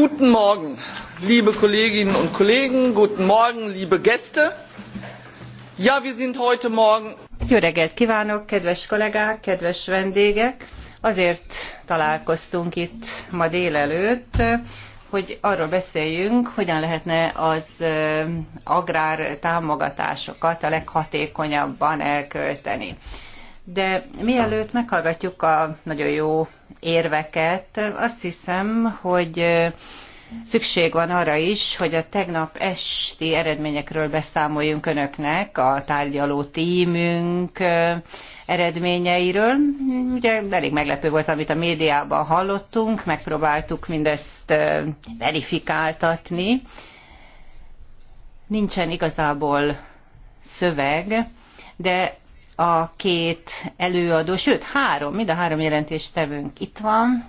guten morgen liebe kolleginnen und kollegen guten morgen liebe gäste! ja wir sind heute morgen jó reggelt kívánok kedves kollégák kedves vendégek azért találkoztunk itt ma délelőtt hogy arról beszéljünk hogyan lehetne az agrár támogatásokat a leghatékonyabban elkölteni. De mielőtt meghallgatjuk a nagyon jó érveket, azt hiszem, hogy szükség van arra is, hogy a tegnap esti eredményekről beszámoljunk önöknek, a tárgyaló tímünk eredményeiről. Ugye elég meglepő volt, amit a médiában hallottunk, megpróbáltuk mindezt verifikáltatni. Nincsen igazából szöveg, de a két előadó, sőt három, mind a három jelentéstevőnk itt van,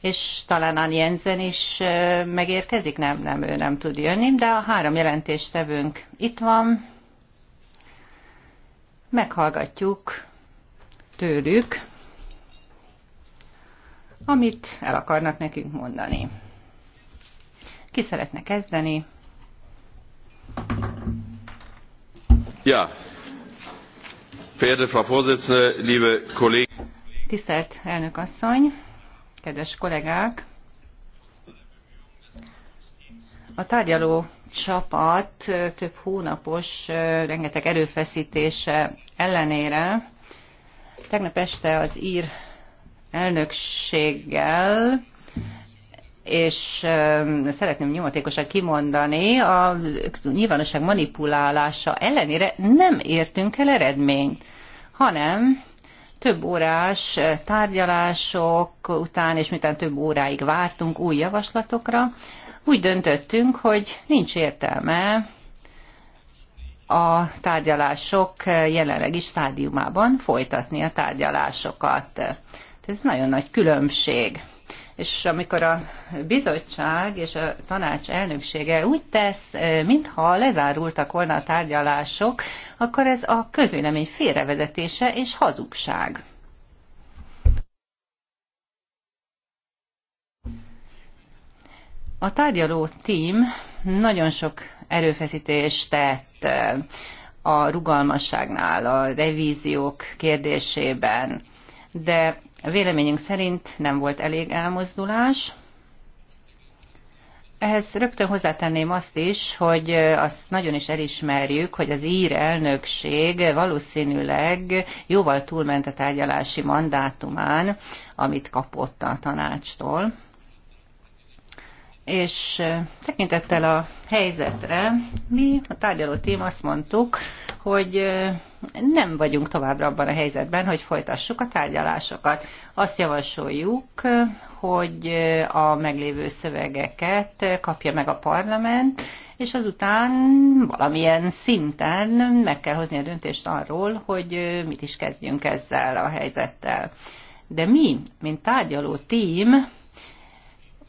és talán Ann Jensen is megérkezik, nem, nem, ő nem tud jönni, de a három jelentéstevőnk itt van, meghallgatjuk tőlük, amit el akarnak nekünk mondani. Ki szeretne kezdeni? Ja, Tisztelt elnök asszony, kedves kollégák! A tárgyaló csapat több hónapos, rengeteg erőfeszítése ellenére tegnap este az ír elnökséggel és szeretném nyomatékosan kimondani, a nyilvánosság manipulálása ellenére nem értünk el eredményt, hanem több órás tárgyalások után, és miután több óráig vártunk új javaslatokra, úgy döntöttünk, hogy nincs értelme a tárgyalások jelenlegi stádiumában folytatni a tárgyalásokat. Ez nagyon nagy különbség és amikor a bizottság és a tanács elnöksége úgy tesz, mintha lezárultak volna a tárgyalások, akkor ez a közvélemény félrevezetése és hazugság. A tárgyaló tím nagyon sok erőfeszítést tett a rugalmasságnál, a revíziók kérdésében, de Véleményünk szerint nem volt elég elmozdulás. Ehhez rögtön hozzátenném azt is, hogy azt nagyon is elismerjük, hogy az ír elnökség valószínűleg jóval túlment a tárgyalási mandátumán, amit kapott a tanácstól. És tekintettel a helyzetre, mi a tárgyaló tím azt mondtuk, hogy nem vagyunk továbbra abban a helyzetben, hogy folytassuk a tárgyalásokat. Azt javasoljuk, hogy a meglévő szövegeket kapja meg a parlament, és azután valamilyen szinten meg kell hozni a döntést arról, hogy mit is kezdjünk ezzel a helyzettel. De mi, mint tárgyaló tím,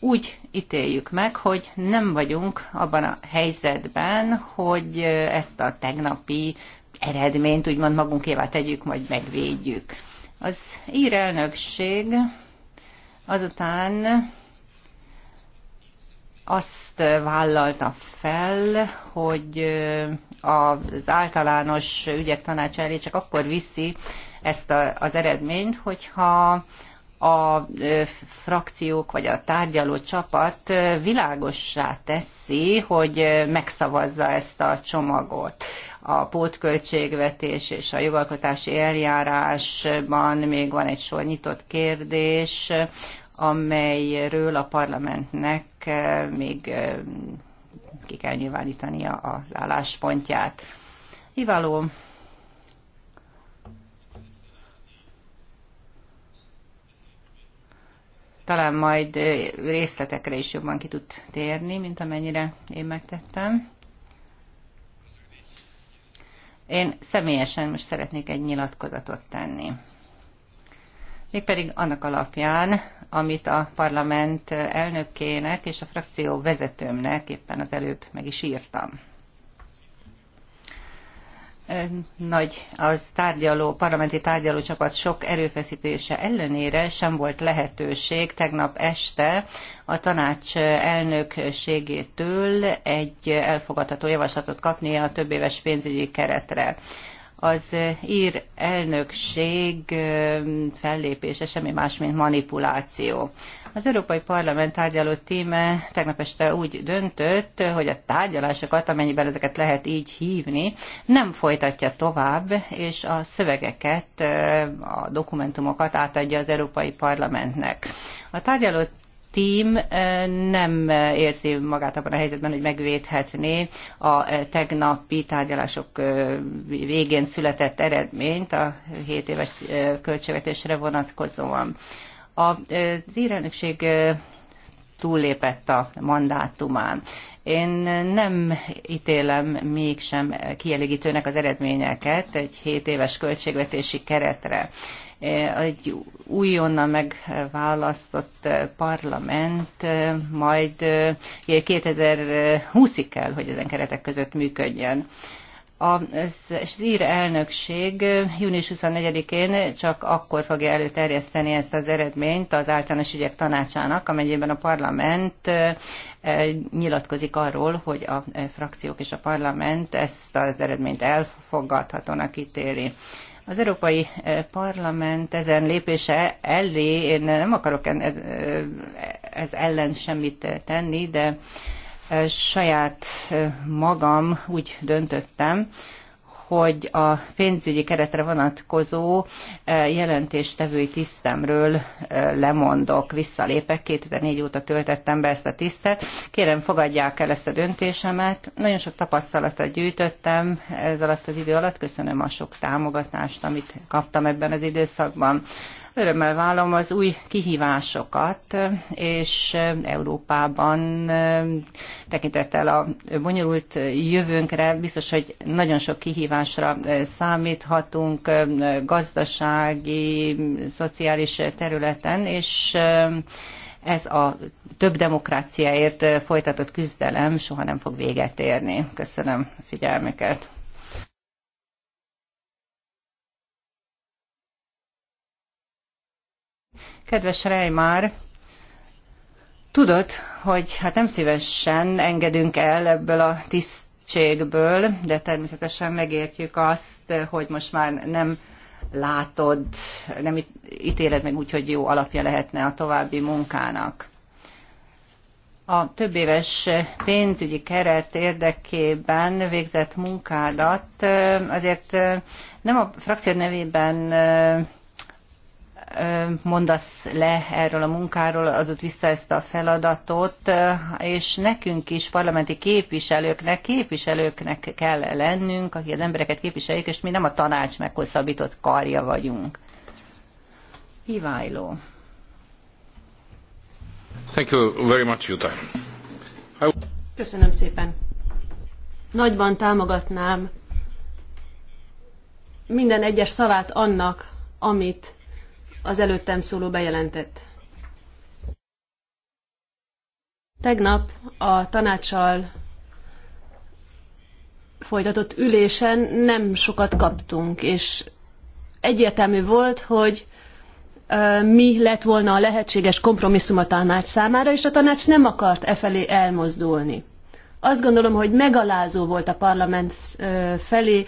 úgy ítéljük meg, hogy nem vagyunk abban a helyzetben, hogy ezt a tegnapi eredményt úgymond magunkévá tegyük, majd megvédjük. Az ír elnökség azután azt vállalta fel, hogy az általános ügyek tanácsa elé csak akkor viszi ezt a, az eredményt, hogyha a frakciók vagy a tárgyaló csapat világossá teszi, hogy megszavazza ezt a csomagot. A pótköltségvetés és a jogalkotási eljárásban még van egy sor nyitott kérdés, amelyről a parlamentnek még ki kell nyilvánítania az álláspontját. Ivaló talán majd részletekre is jobban ki tud térni, mint amennyire én megtettem. Én személyesen most szeretnék egy nyilatkozatot tenni. Mégpedig annak alapján, amit a parlament elnökének és a frakció vezetőmnek éppen az előbb meg is írtam nagy az tárgyaló, parlamenti tárgyalócsapat sok erőfeszítése ellenére sem volt lehetőség tegnap este a tanács elnökségétől egy elfogadható javaslatot kapni a több éves pénzügyi keretre az ír elnökség fellépése semmi más, mint manipuláció. Az Európai Parlament tárgyaló tíme tegnap este úgy döntött, hogy a tárgyalásokat, amennyiben ezeket lehet így hívni, nem folytatja tovább, és a szövegeket, a dokumentumokat átadja az Európai Parlamentnek. A tárgyaló tím nem érzi magát abban a helyzetben, hogy megvédhetné a tegnapi tárgyalások végén született eredményt a 7 éves költségvetésre vonatkozóan. Az írelnökség túllépett a mandátumán. Én nem ítélem mégsem kielégítőnek az eredményeket egy 7 éves költségvetési keretre. Eh, egy újonnan megválasztott eh, parlament eh, majd 2020-ig kell, hogy ezen keretek között működjön. Az ír elnökség június 24-én csak akkor fogja előterjeszteni ezt az eredményt az általános ügyek tanácsának, amelyben a parlament nyilatkozik arról, hogy a frakciók és a parlament ezt az eredményt elfogadhatónak ítéli. Az Európai eh, Parlament ezen lépése elé, én nem akarok ez, eh, ez ellen semmit tenni, de eh, saját magam úgy döntöttem, hogy a pénzügyi keretre vonatkozó e, jelentéstevői tisztemről e, lemondok, visszalépek. 2004 óta töltettem be ezt a tisztet. Kérem, fogadják el ezt a döntésemet. Nagyon sok tapasztalatot gyűjtöttem ez alatt az idő alatt. Köszönöm a sok támogatást, amit kaptam ebben az időszakban. Örömmel vállom az új kihívásokat, és Európában tekintettel a bonyolult jövőnkre biztos, hogy nagyon sok kihívásra számíthatunk gazdasági, szociális területen, és ez a több demokráciáért folytatott küzdelem soha nem fog véget érni. Köszönöm a figyelmüket. Kedves Reimár, tudod, hogy hát nem szívesen engedünk el ebből a tisztségből, de természetesen megértjük azt, hogy most már nem látod, nem ítéled meg úgy, hogy jó alapja lehetne a további munkának. A több éves pénzügyi keret érdekében végzett munkádat azért nem a frakció nevében mondasz le erről a munkáról, adott vissza ezt a feladatot, és nekünk is, parlamenti képviselőknek, képviselőknek kell lennünk, akik az embereket képviseljük, és mi nem a tanács meghosszabbított karja vagyunk. Iványló. Thank you very much, Jutta. I... Köszönöm szépen. Nagyban támogatnám minden egyes szavát annak, amit az előttem szóló bejelentett. Tegnap a tanácssal folytatott ülésen nem sokat kaptunk, és egyértelmű volt, hogy mi lett volna a lehetséges kompromisszum a tanács számára, és a tanács nem akart e felé elmozdulni. Azt gondolom, hogy megalázó volt a parlament felé,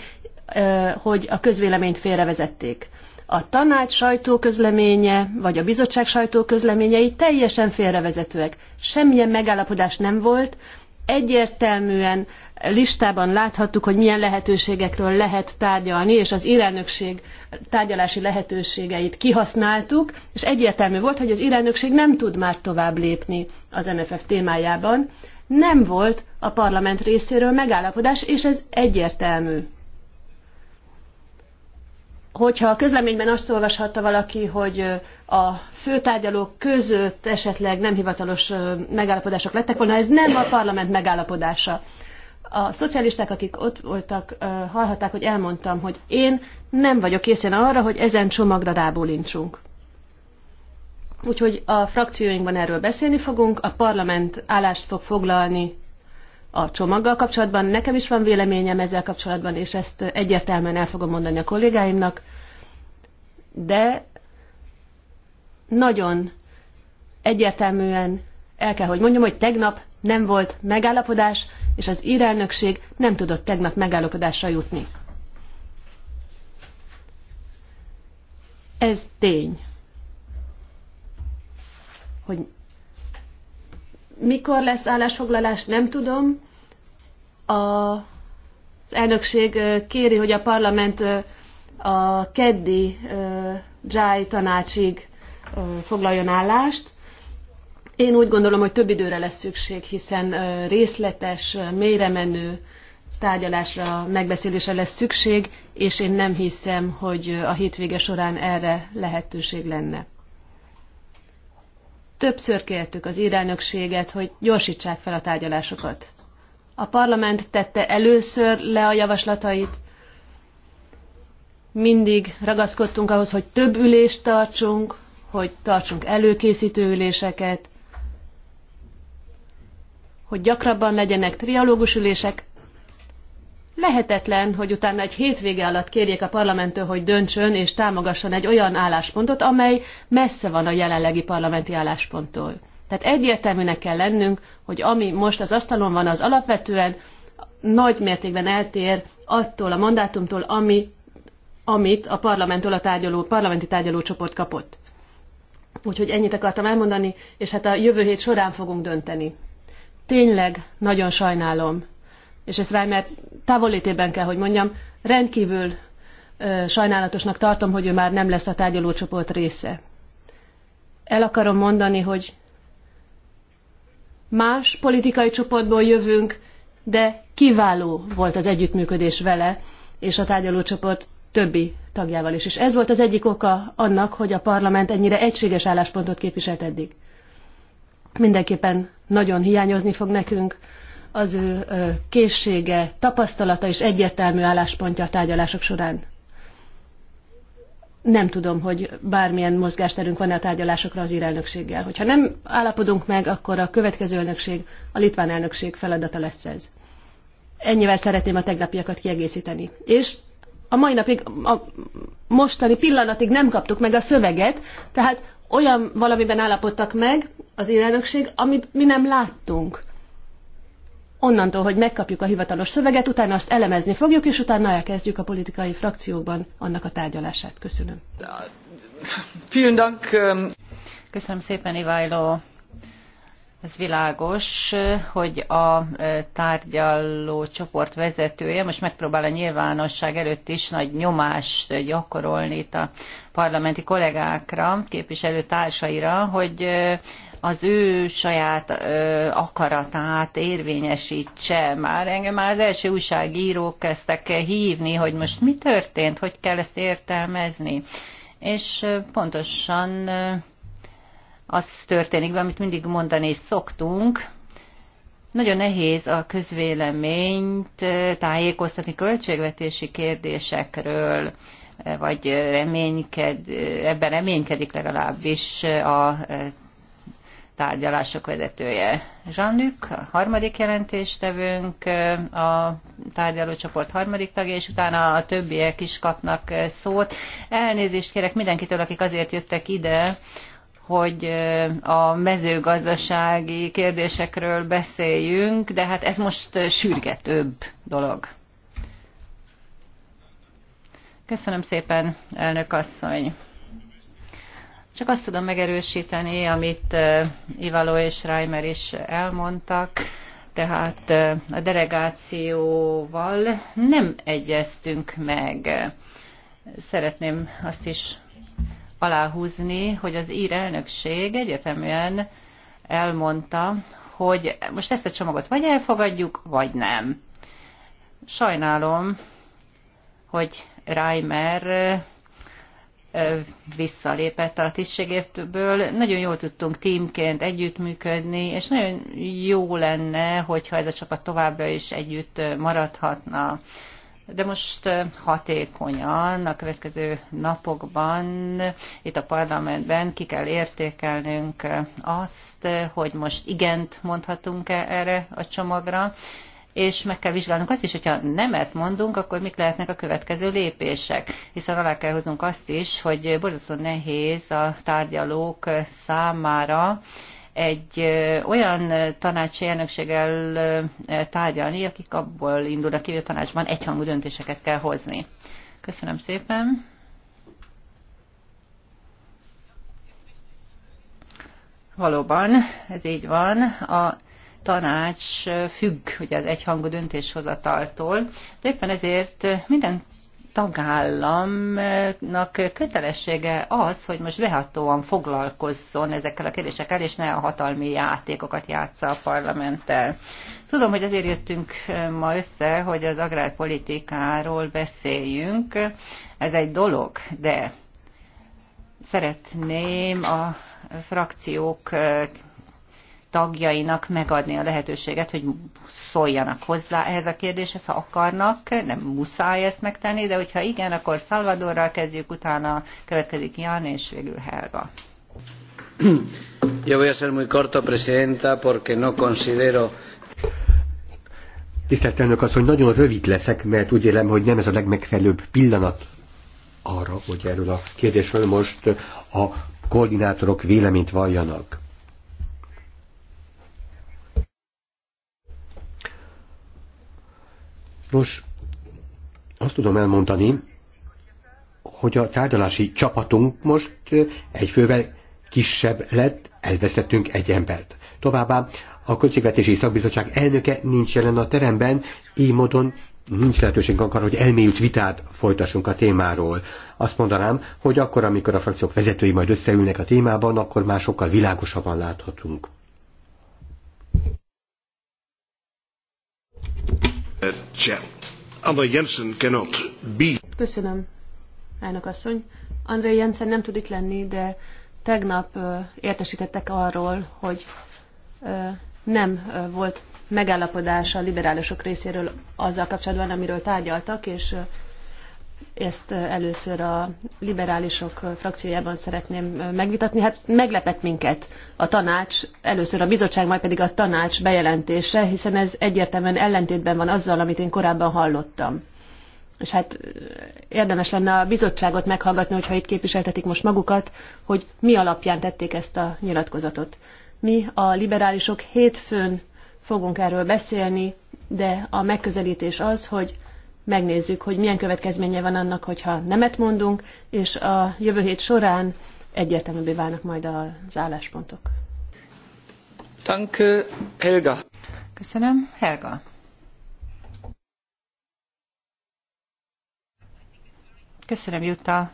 hogy a közvéleményt félrevezették a tanács sajtóközleménye, vagy a bizottság sajtóközleményei teljesen félrevezetőek. Semmilyen megállapodás nem volt, egyértelműen listában láthattuk, hogy milyen lehetőségekről lehet tárgyalni, és az irelnökség tárgyalási lehetőségeit kihasználtuk, és egyértelmű volt, hogy az irelnökség nem tud már tovább lépni az MFF témájában. Nem volt a parlament részéről megállapodás, és ez egyértelmű hogyha a közleményben azt olvashatta valaki, hogy a főtárgyalók között esetleg nem hivatalos megállapodások lettek volna, ez nem a parlament megállapodása. A szocialisták, akik ott voltak, hallhatták, hogy elmondtam, hogy én nem vagyok készen arra, hogy ezen csomagra rábólincsunk. Úgyhogy a frakcióinkban erről beszélni fogunk, a parlament állást fog foglalni a csomaggal kapcsolatban. Nekem is van véleményem ezzel kapcsolatban, és ezt egyértelműen el fogom mondani a kollégáimnak, de nagyon egyértelműen el kell, hogy mondjam, hogy tegnap nem volt megállapodás, és az írelnökség nem tudott tegnap megállapodásra jutni. Ez tény, hogy mikor lesz állásfoglalás, nem tudom. A, az elnökség kéri, hogy a parlament a keddi Jai tanácsig foglaljon állást. Én úgy gondolom, hogy több időre lesz szükség, hiszen részletes, mélyre menő tárgyalásra, megbeszélésre lesz szükség, és én nem hiszem, hogy a hétvége során erre lehetőség lenne. Többször kértük az irelnökséget, hogy gyorsítsák fel a tárgyalásokat. A parlament tette először le a javaslatait, mindig ragaszkodtunk ahhoz, hogy több ülést tartsunk, hogy tartsunk előkészítő üléseket, hogy gyakrabban legyenek trialógus ülések, Lehetetlen, hogy utána egy hétvége alatt kérjék a parlamenttől, hogy döntsön és támogasson egy olyan álláspontot, amely messze van a jelenlegi parlamenti állásponttól. Tehát egyértelműnek kell lennünk, hogy ami most az asztalon van, az alapvetően nagy mértékben eltér attól a mandátumtól, ami, amit a parlamenttől a tárgyaló, parlamenti tárgyalócsoport kapott. Úgyhogy ennyit akartam elmondani, és hát a jövő hét során fogunk dönteni. Tényleg nagyon sajnálom, és ezt Reimer távolétében kell, hogy mondjam, rendkívül sajnálatosnak tartom, hogy ő már nem lesz a tárgyalócsoport része. El akarom mondani, hogy más politikai csoportból jövünk, de kiváló volt az együttműködés vele és a tárgyalócsoport többi tagjával is. És ez volt az egyik oka annak, hogy a parlament ennyire egységes álláspontot képviselt eddig. Mindenképpen nagyon hiányozni fog nekünk az ő készsége, tapasztalata és egyértelmű álláspontja a tárgyalások során? Nem tudom, hogy bármilyen mozgásterünk van-e a tárgyalásokra az írelnökséggel. Hogyha nem állapodunk meg, akkor a következő elnökség, a litván elnökség feladata lesz ez. Ennyivel szeretném a tegnapiakat kiegészíteni. És a mai napig, a mostani pillanatig nem kaptuk meg a szöveget, tehát olyan valamiben állapodtak meg az irányokség, amit mi nem láttunk onnantól, hogy megkapjuk a hivatalos szöveget, utána azt elemezni fogjuk, és utána elkezdjük a politikai frakciókban annak a tárgyalását. Köszönöm. Vielen Dank. Ähm, Köszönöm szépen, Iváló. Ez világos, hogy a tárgyaló csoport vezetője most megpróbál a nyilvánosság előtt is nagy nyomást gyakorolni itt a parlamenti kollégákra, képviselő társaira, hogy az ő saját ö, akaratát érvényesítse. Már engem már az első újságírók kezdtek hívni, hogy most mi történt, hogy kell ezt értelmezni. És pontosan az történik, amit mindig mondani szoktunk, nagyon nehéz a közvéleményt tájékoztatni költségvetési kérdésekről, vagy reményked, ebben reménykedik legalábbis a tárgyalások vezetője. Jean-Luc, a harmadik jelentéstevőnk, a tárgyalócsoport harmadik tagja, és utána a többiek is kapnak szót. Elnézést kérek mindenkitől, akik azért jöttek ide, hogy a mezőgazdasági kérdésekről beszéljünk, de hát ez most sürgetőbb dolog. Köszönöm szépen, elnök asszony! Csak azt tudom megerősíteni, amit Ivalo és Reimer is elmondtak, tehát a delegációval nem egyeztünk meg. Szeretném azt is aláhúzni, hogy az ír elnökség egyeteműen elmondta, hogy most ezt a csomagot vagy elfogadjuk, vagy nem. Sajnálom, hogy Reimer visszalépett a tisztségétből. Nagyon jól tudtunk tímként együttműködni, és nagyon jó lenne, hogyha ez a csapat továbbra is együtt maradhatna. De most hatékonyan a következő napokban itt a parlamentben ki kell értékelnünk azt, hogy most igent mondhatunk -e erre a csomagra, és meg kell vizsgálnunk azt is, hogyha nemet mondunk, akkor mik lehetnek a következő lépések, hiszen alá kell hoznunk azt is, hogy borzasztó nehéz a tárgyalók számára egy olyan tanácsi elnökséggel tárgyalni, akik abból indulnak ki, hogy a tanácsban egyhangú döntéseket kell hozni. Köszönöm szépen! Valóban, ez így van. A tanács függ ugye az egyhangú döntéshozataltól, de éppen ezért minden tagállamnak kötelessége az, hogy most behatóan foglalkozzon ezekkel a kérdésekkel, és ne a hatalmi játékokat játsza a parlamenttel. Tudom, hogy azért jöttünk ma össze, hogy az agrárpolitikáról beszéljünk. Ez egy dolog, de szeretném a frakciók tagjainak megadni a lehetőséget, hogy szóljanak hozzá ehhez a kérdéshez, ha akarnak, nem muszáj ezt megtenni, de hogyha igen, akkor Szalvadorral kezdjük, utána következik Jan és végül Helga. Yo voy a ser muy corto, presidenta, porque no considero Tisztelt elnök asszony, nagyon rövid leszek, mert úgy élem, hogy nem ez a legmegfelelőbb pillanat arra, hogy erről a kérdésről most a koordinátorok véleményt valljanak. Nos, azt tudom elmondani, hogy a tárgyalási csapatunk most egy fővel kisebb lett, elvesztettünk egy embert. Továbbá a Költségvetési Szakbizottság elnöke nincs jelen a teremben, így módon nincs lehetőségünk arra, hogy elmélyült vitát folytassunk a témáról. Azt mondanám, hogy akkor, amikor a frakciók vezetői majd összeülnek a témában, akkor már sokkal világosabban láthatunk chair. Jensen cannot be. Köszönöm, elnök asszony. André Jensen nem tud itt lenni, de tegnap értesítettek arról, hogy nem volt megállapodás a liberálisok részéről azzal kapcsolatban, amiről tárgyaltak, és ezt először a liberálisok frakciójában szeretném megvitatni. Hát meglepett minket a tanács, először a bizottság, majd pedig a tanács bejelentése, hiszen ez egyértelműen ellentétben van azzal, amit én korábban hallottam. És hát érdemes lenne a bizottságot meghallgatni, hogyha itt képviseltetik most magukat, hogy mi alapján tették ezt a nyilatkozatot. Mi, a liberálisok hétfőn fogunk erről beszélni, de a megközelítés az, hogy megnézzük, hogy milyen következménye van annak, hogyha nemet mondunk, és a jövő hét során egyértelműbbé válnak majd az álláspontok. Danke, eh, Helga. Köszönöm, Helga. Köszönöm, Jutta.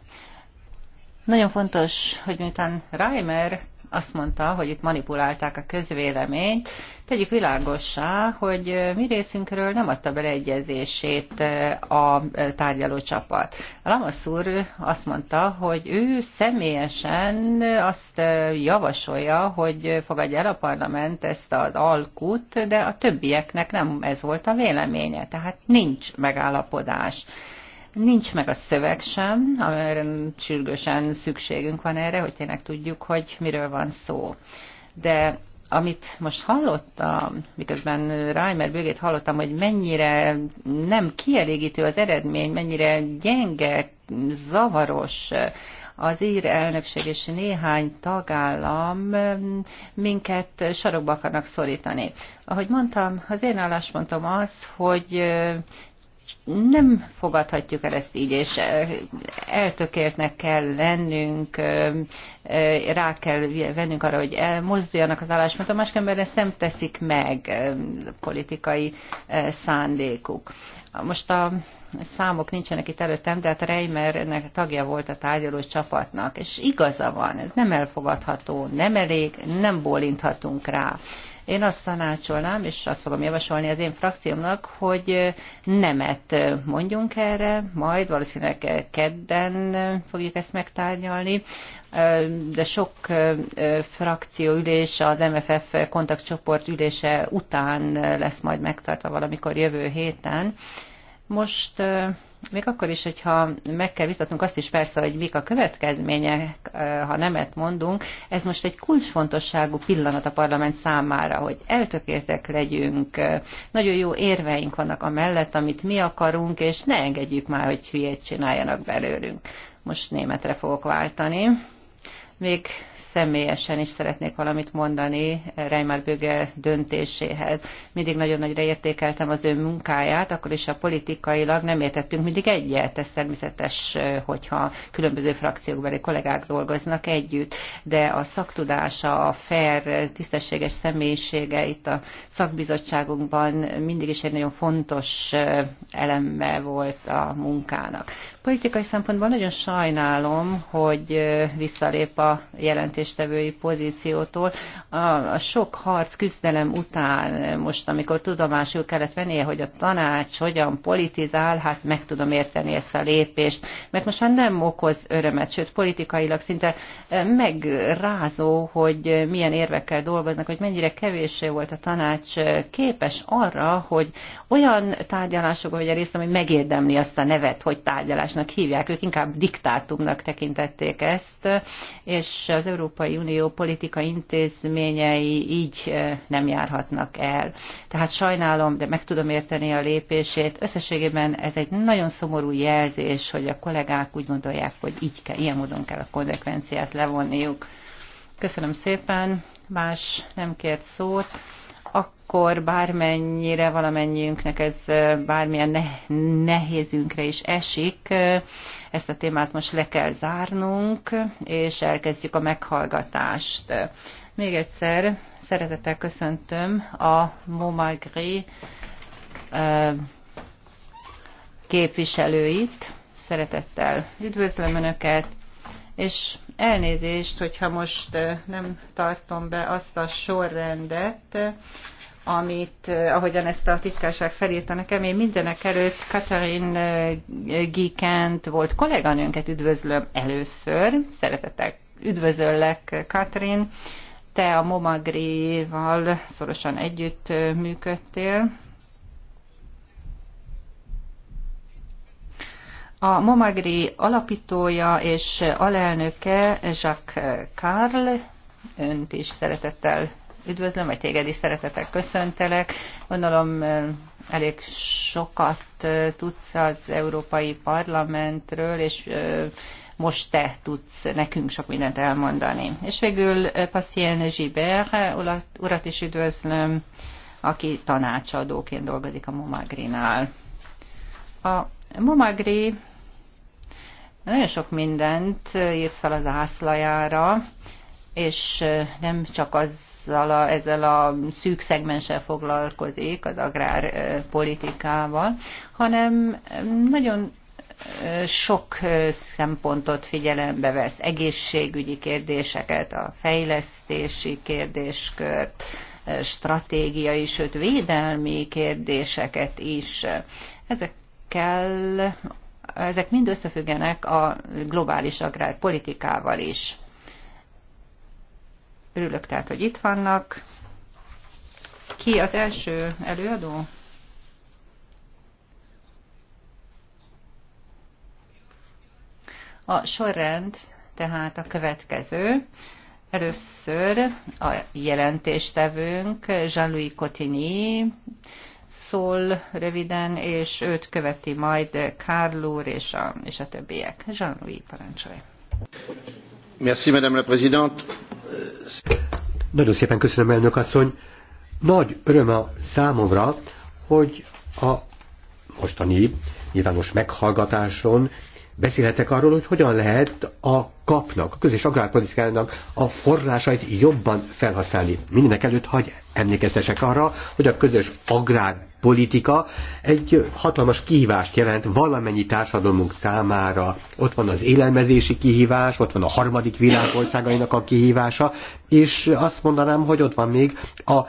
Nagyon fontos, hogy miután Reimer azt mondta, hogy itt manipulálták a közvéleményt, tegyük világossá, hogy mi részünkről nem adta bele egyezését a tárgyaló csapat. Ramasz úr azt mondta, hogy ő személyesen azt javasolja, hogy fogadja el a parlament ezt az alkut, de a többieknek nem ez volt a véleménye, tehát nincs megállapodás. Nincs meg a szöveg sem, amire sürgősen szükségünk van erre, hogy tényleg tudjuk, hogy miről van szó. De amit most hallottam, miközben Reimer bőgét hallottam, hogy mennyire nem kielégítő az eredmény, mennyire gyenge, zavaros az ír elnökség és néhány tagállam minket sarokba akarnak szorítani. Ahogy mondtam, az én álláspontom az, hogy nem fogadhatjuk el ezt így, és eh, eltökéltnek kell lennünk, eh, eh, rá kell vennünk arra, hogy elmozduljanak az a másik ezt nem teszik meg politikai szándékuk. Most a számok nincsenek itt előttem, de hát Reimer ennek tagja volt a tárgyaló csapatnak, és igaza van, ez nem elfogadható, nem elég, nem bólinthatunk rá. Én azt tanácsolnám, és azt fogom javasolni az én frakciómnak, hogy nemet mondjunk erre, majd valószínűleg kedden fogjuk ezt megtárgyalni, de sok frakció ülés az MFF kontaktcsoport ülése után lesz majd megtartva valamikor jövő héten. Most még akkor is, hogyha meg kell vitatnunk azt is persze, hogy mik a következmények, eh, ha nemet mondunk, ez most egy kulcsfontosságú pillanat a parlament számára, hogy eltökéltek legyünk, eh, nagyon jó érveink vannak a mellett, amit mi akarunk, és ne engedjük már, hogy hülyét csináljanak belőlünk. Most németre fogok váltani. Még személyesen is szeretnék valamit mondani Reimer Böge döntéséhez. Mindig nagyon nagyra értékeltem az ő munkáját, akkor is a politikailag nem értettünk mindig egyet. Ez természetes, hogyha különböző frakciókbeli kollégák dolgoznak együtt, de a szaktudása, a fair, tisztességes személyisége itt a szakbizottságunkban mindig is egy nagyon fontos eh, eleme volt a munkának. Politikai szempontból nagyon sajnálom, hogy visszalép a jelentéstevői pozíciótól. A, a sok harc küzdelem után, most amikor tudomásul kellett vennie, hogy a tanács hogyan politizál, hát meg tudom érteni ezt a lépést, mert most már nem okoz örömet, sőt politikailag szinte megrázó, hogy milyen érvekkel dolgoznak, hogy mennyire kevéssé volt a tanács képes arra, hogy olyan tárgyalásokon vegye részt, ami megérdemli azt a nevet, hogy tárgyalás diktatúrváltásnak hívják, ők inkább diktátumnak tekintették ezt, és az Európai Unió politikai intézményei így nem járhatnak el. Tehát sajnálom, de meg tudom érteni a lépését. Összességében ez egy nagyon szomorú jelzés, hogy a kollégák úgy gondolják, hogy így kell, ilyen módon kell a konzekvenciát levonniuk. Köszönöm szépen, más nem kért szót akkor bármennyire valamennyiünknek ez bármilyen ne- nehézünkre is esik, ezt a témát most le kell zárnunk, és elkezdjük a meghallgatást. Még egyszer szeretettel köszöntöm a Momagri képviselőit, szeretettel üdvözlöm Önöket, és elnézést, hogyha most nem tartom be azt a sorrendet, amit, eh, ahogyan ezt a titkárság felírta nekem, én mindenek előtt Katarin eh, Gikent volt kolléganőnket üdvözlöm először, szeretetek, üdvözöllek Katrin, te a Momagréval szorosan együtt eh, működtél. A Momagri alapítója és alelnöke Jacques Carl, önt is szeretettel üdvözlöm, vagy téged is szeretetek, köszöntelek. Gondolom elég sokat tudsz az Európai Parlamentről, és most te tudsz nekünk sok mindent elmondani. És végül Pacien Zsiber, urat is üdvözlöm, aki tanácsadóként dolgozik a Momagrinál. A Momagri nagyon sok mindent írt fel az ászlajára, és nem csak az azzal a, ezzel a szűk szegmenssel foglalkozik, az agrárpolitikával, hanem nagyon sok szempontot figyelembe vesz, egészségügyi kérdéseket, a fejlesztési kérdéskört, stratégiai, sőt védelmi kérdéseket is. Ezekkel, ezek mind összefüggenek a globális agrárpolitikával is. Örülök tehát, hogy itt vannak. Ki az első előadó? A sorrend tehát a következő. Először a jelentéstevőnk Jean-Louis Cotigny szól röviden, és őt követi majd Karl úr és a, és a többiek. Jean-Louis, parancsolj! Merci, Madame la Présidente nagyon szépen köszönöm, elnök asszony. Nagy öröm a számomra, hogy a mostani nyilvános meghallgatáson beszélhetek arról, hogy hogyan lehet a kapnak, a közös agrárpolitikának a forrásait jobban felhasználni. Mindenek előtt hagy emlékeztesek arra, hogy a közös agrár politika egy hatalmas kihívást jelent valamennyi társadalmunk számára. Ott van az élelmezési kihívás, ott van a harmadik világ országainak a kihívása, és azt mondanám, hogy ott van még az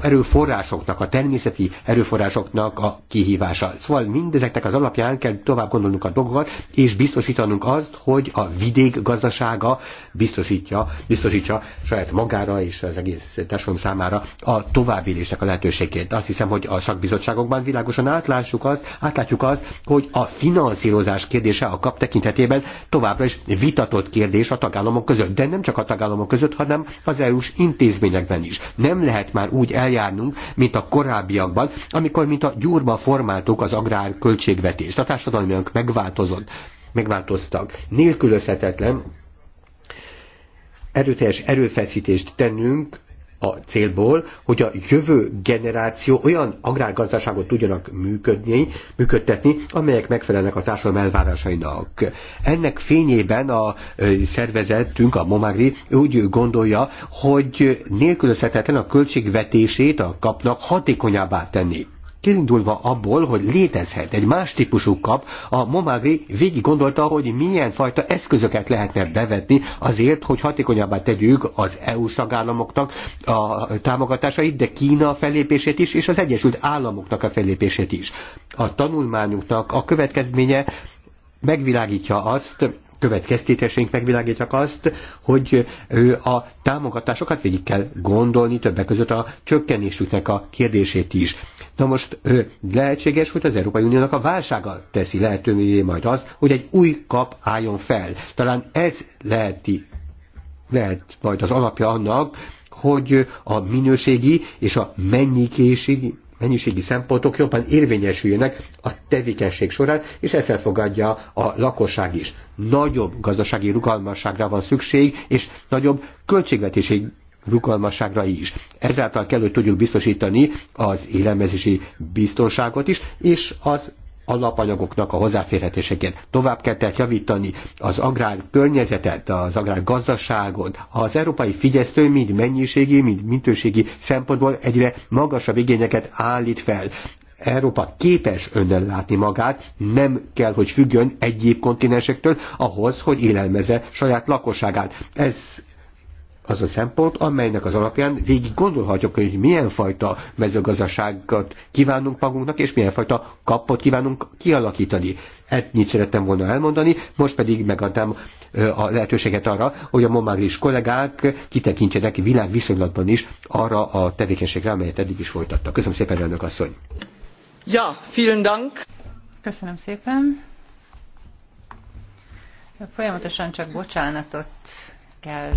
erőforrásoknak, a természeti erőforrásoknak a kihívása. Szóval mindezeknek az alapján kell tovább gondolnunk a dolgokat, és biztosítanunk azt, hogy a vidék gazdasága biztosítja, biztosítsa saját magára és az egész társadalom számára a továbbélésnek a lehetőségét. Azt hiszem, hogy a a szakbizottságokban világosan átlássuk azt, átlátjuk azt, hogy a finanszírozás kérdése a kap tekintetében továbbra is vitatott kérdés a tagállamok között. De nem csak a tagállamok között, hanem az EU-s intézményekben is. Nem lehet már úgy eljárnunk, mint a korábbiakban, amikor mint a gyurba formáltuk az agrárköltségvetést. A társadalmiak megváltozott, megváltoztak. Nélkülözhetetlen erőteljes erőfeszítést tennünk a célból, hogy a jövő generáció olyan agrárgazdaságot tudjanak működni, működtetni, amelyek megfelelnek a társadalom elvárásainak. Ennek fényében a szervezetünk, a Momagri úgy gondolja, hogy nélkülözhetetlen a költségvetését a kapnak hatékonyabbá tenni. Kirindulva abból, hogy létezhet egy más típusú kap, a Momagri végig gondolta, hogy milyen fajta eszközöket lehetne bevetni azért, hogy hatékonyabbá tegyük az EU-s tagállamoknak a támogatásait, de Kína felépését is, és az Egyesült Államoknak a felépését is. A tanulmányuknak a következménye megvilágítja azt, következtéteseink megvilágítják azt, hogy a támogatásokat végig kell gondolni, többek között a csökkenésüknek a kérdését is. Na most lehetséges, hogy az Európai Uniónak a válsága teszi lehetővé majd az, hogy egy új kap álljon fel. Talán ez leheti, lehet majd az alapja annak, hogy a minőségi és a mennyiségi mennyiségi szempontok jobban érvényesüljenek a tevékenység során, és ezt elfogadja a lakosság is. Nagyobb gazdasági rugalmasságra van szükség, és nagyobb költségvetési rugalmasságra is. Ezáltal kell, hogy tudjuk biztosítani az élelmezési biztonságot is, és az alapanyagoknak a hozzáférhetéseket. Tovább kell tehát javítani az agrár környezetet, az agrár gazdaságot. Az európai figyesztő mind mennyiségi, mind mintőségi szempontból egyre magasabb igényeket állít fel. Európa képes önnel látni magát, nem kell, hogy függjön egyéb kontinensektől ahhoz, hogy élelmeze saját lakosságát. Ez az a szempont, amelynek az alapján végig gondolhatjuk, hogy milyen fajta mezőgazdaságot kívánunk magunknak, és milyen fajta kapot kívánunk kialakítani. Ennyit szerettem volna elmondani, most pedig megadtam a lehetőséget arra, hogy a momáris kollégák kitekintsenek világviszonylatban is arra a tevékenységre, amelyet eddig is folytattak. Köszönöm szépen, elnök asszony! Ja, vielen Dank! Köszönöm szépen! Folyamatosan csak bocsánatot kell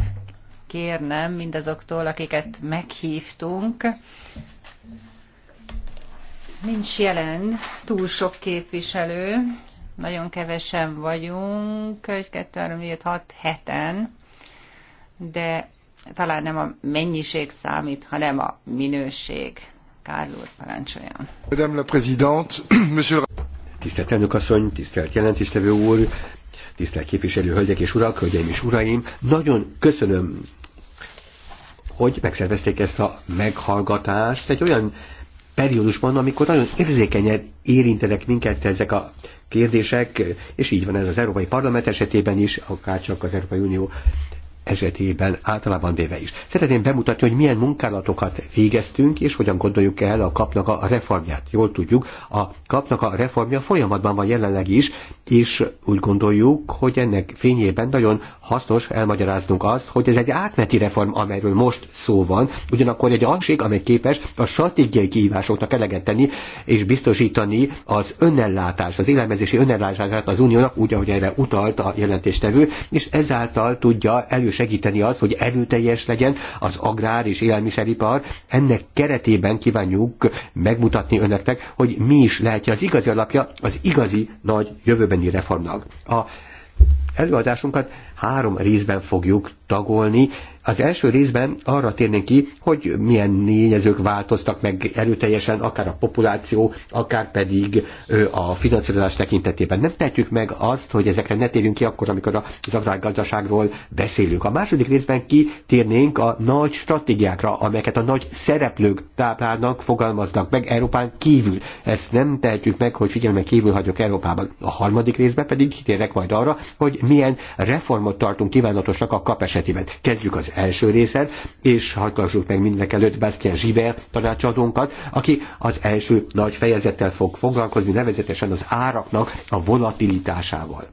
kérnem mindazoktól, akiket meghívtunk. Nincs jelen túl sok képviselő, nagyon kevesen vagyunk, 1, 2, 3, 4, 6 heten, de talán nem a mennyiség számít, hanem a minőség. Kárl úr, parancsoljon. Madame la Présidente, Monsieur Tisztelt elnök asszony, tisztelt jelentéstevő úr, tisztelt képviselő hölgyek és urak, hölgyeim és uraim, nagyon köszönöm hogy megszervezték ezt a meghallgatást egy olyan periódusban, amikor nagyon érzékenyen érintenek minket ezek a kérdések, és így van ez az Európai Parlament esetében is, akár csak az Európai Unió esetében általában véve is. Szeretném bemutatni, hogy milyen munkálatokat végeztünk, és hogyan gondoljuk el a kapnak a reformját. Jól tudjuk, a kapnak a reformja folyamatban van jelenleg is, és úgy gondoljuk, hogy ennek fényében nagyon hasznos elmagyaráznunk azt, hogy ez egy átmeti reform, amelyről most szó van, ugyanakkor egy anség, amely képes a stratégiai kihívásoknak eleget tenni, és biztosítani az önellátás, az élelmezési önellátását az uniónak, úgy, ahogy erre utalt a jelentéstevő, és ezáltal tudja elő segíteni az, hogy erőteljes legyen az agrár és élelmiszeripar. Ennek keretében kívánjuk megmutatni önöknek, hogy mi is lehetje az igazi alapja az igazi nagy jövőbeni reformnak. A előadásunkat három részben fogjuk tagolni, az első részben arra térnénk ki, hogy milyen tényezők változtak meg erőteljesen, akár a populáció, akár pedig a finanszírozás tekintetében. Nem tehetjük meg azt, hogy ezekre ne térjünk ki akkor, amikor az agrárgazdaságról beszélünk. A második részben kitérnénk a nagy stratégiákra, amelyeket a nagy szereplők táplálnak, fogalmaznak meg Európán kívül. Ezt nem tehetjük meg, hogy figyelmen kívül hagyok Európában. A harmadik részben pedig kitérnek majd arra, hogy milyen reformot tartunk kívánatosnak a kap esetében. Kezdjük az első részsel, és hallgassuk meg mindnek előtt Bastien Zsiver tanácsadónkat, aki az első nagy fejezettel fog foglalkozni, nevezetesen az áraknak a volatilitásával.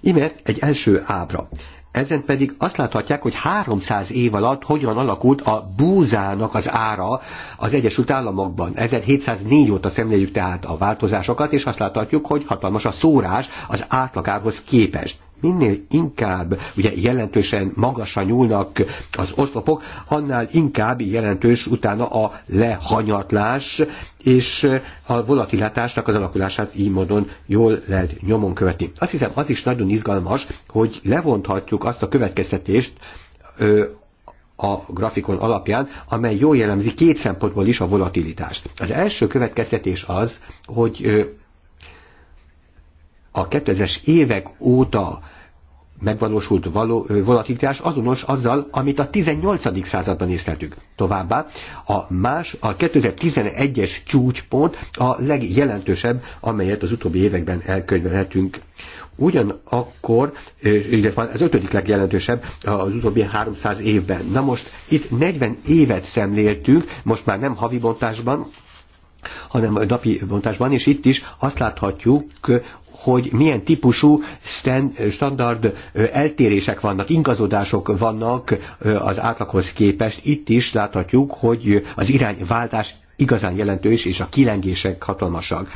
Ime egy első ábra. Ezen pedig azt láthatják, hogy 300 év alatt hogyan alakult a búzának az ára az Egyesült Államokban. 1704 óta szemléljük tehát a változásokat, és azt láthatjuk, hogy hatalmas a szórás az átlagához képest minél inkább ugye jelentősen magasan nyúlnak az oszlopok, annál inkább jelentős utána a lehanyatlás, és a volatilitásnak az alakulását így módon jól lehet nyomon követni. Azt hiszem, az is nagyon izgalmas, hogy levonthatjuk azt a következtetést, a grafikon alapján, amely jól jellemzi két szempontból is a volatilitást. Az első következtetés az, hogy a 2000-es évek óta megvalósult való, volatilitás azonos azzal, amit a 18. században észleltük. Továbbá a más, a 2011-es csúcspont a legjelentősebb, amelyet az utóbbi években elkönyvelhetünk. Ugyanakkor, illetve az ötödik legjelentősebb az utóbbi 300 évben. Na most itt 40 évet szemléltünk, most már nem havi bontásban, hanem a napi bontásban, és itt is azt láthatjuk, hogy milyen típusú standard eltérések vannak, ingazodások vannak az átlaghoz képest. Itt is láthatjuk, hogy az irányváltás igazán jelentős, és a kilengések hatalmasak.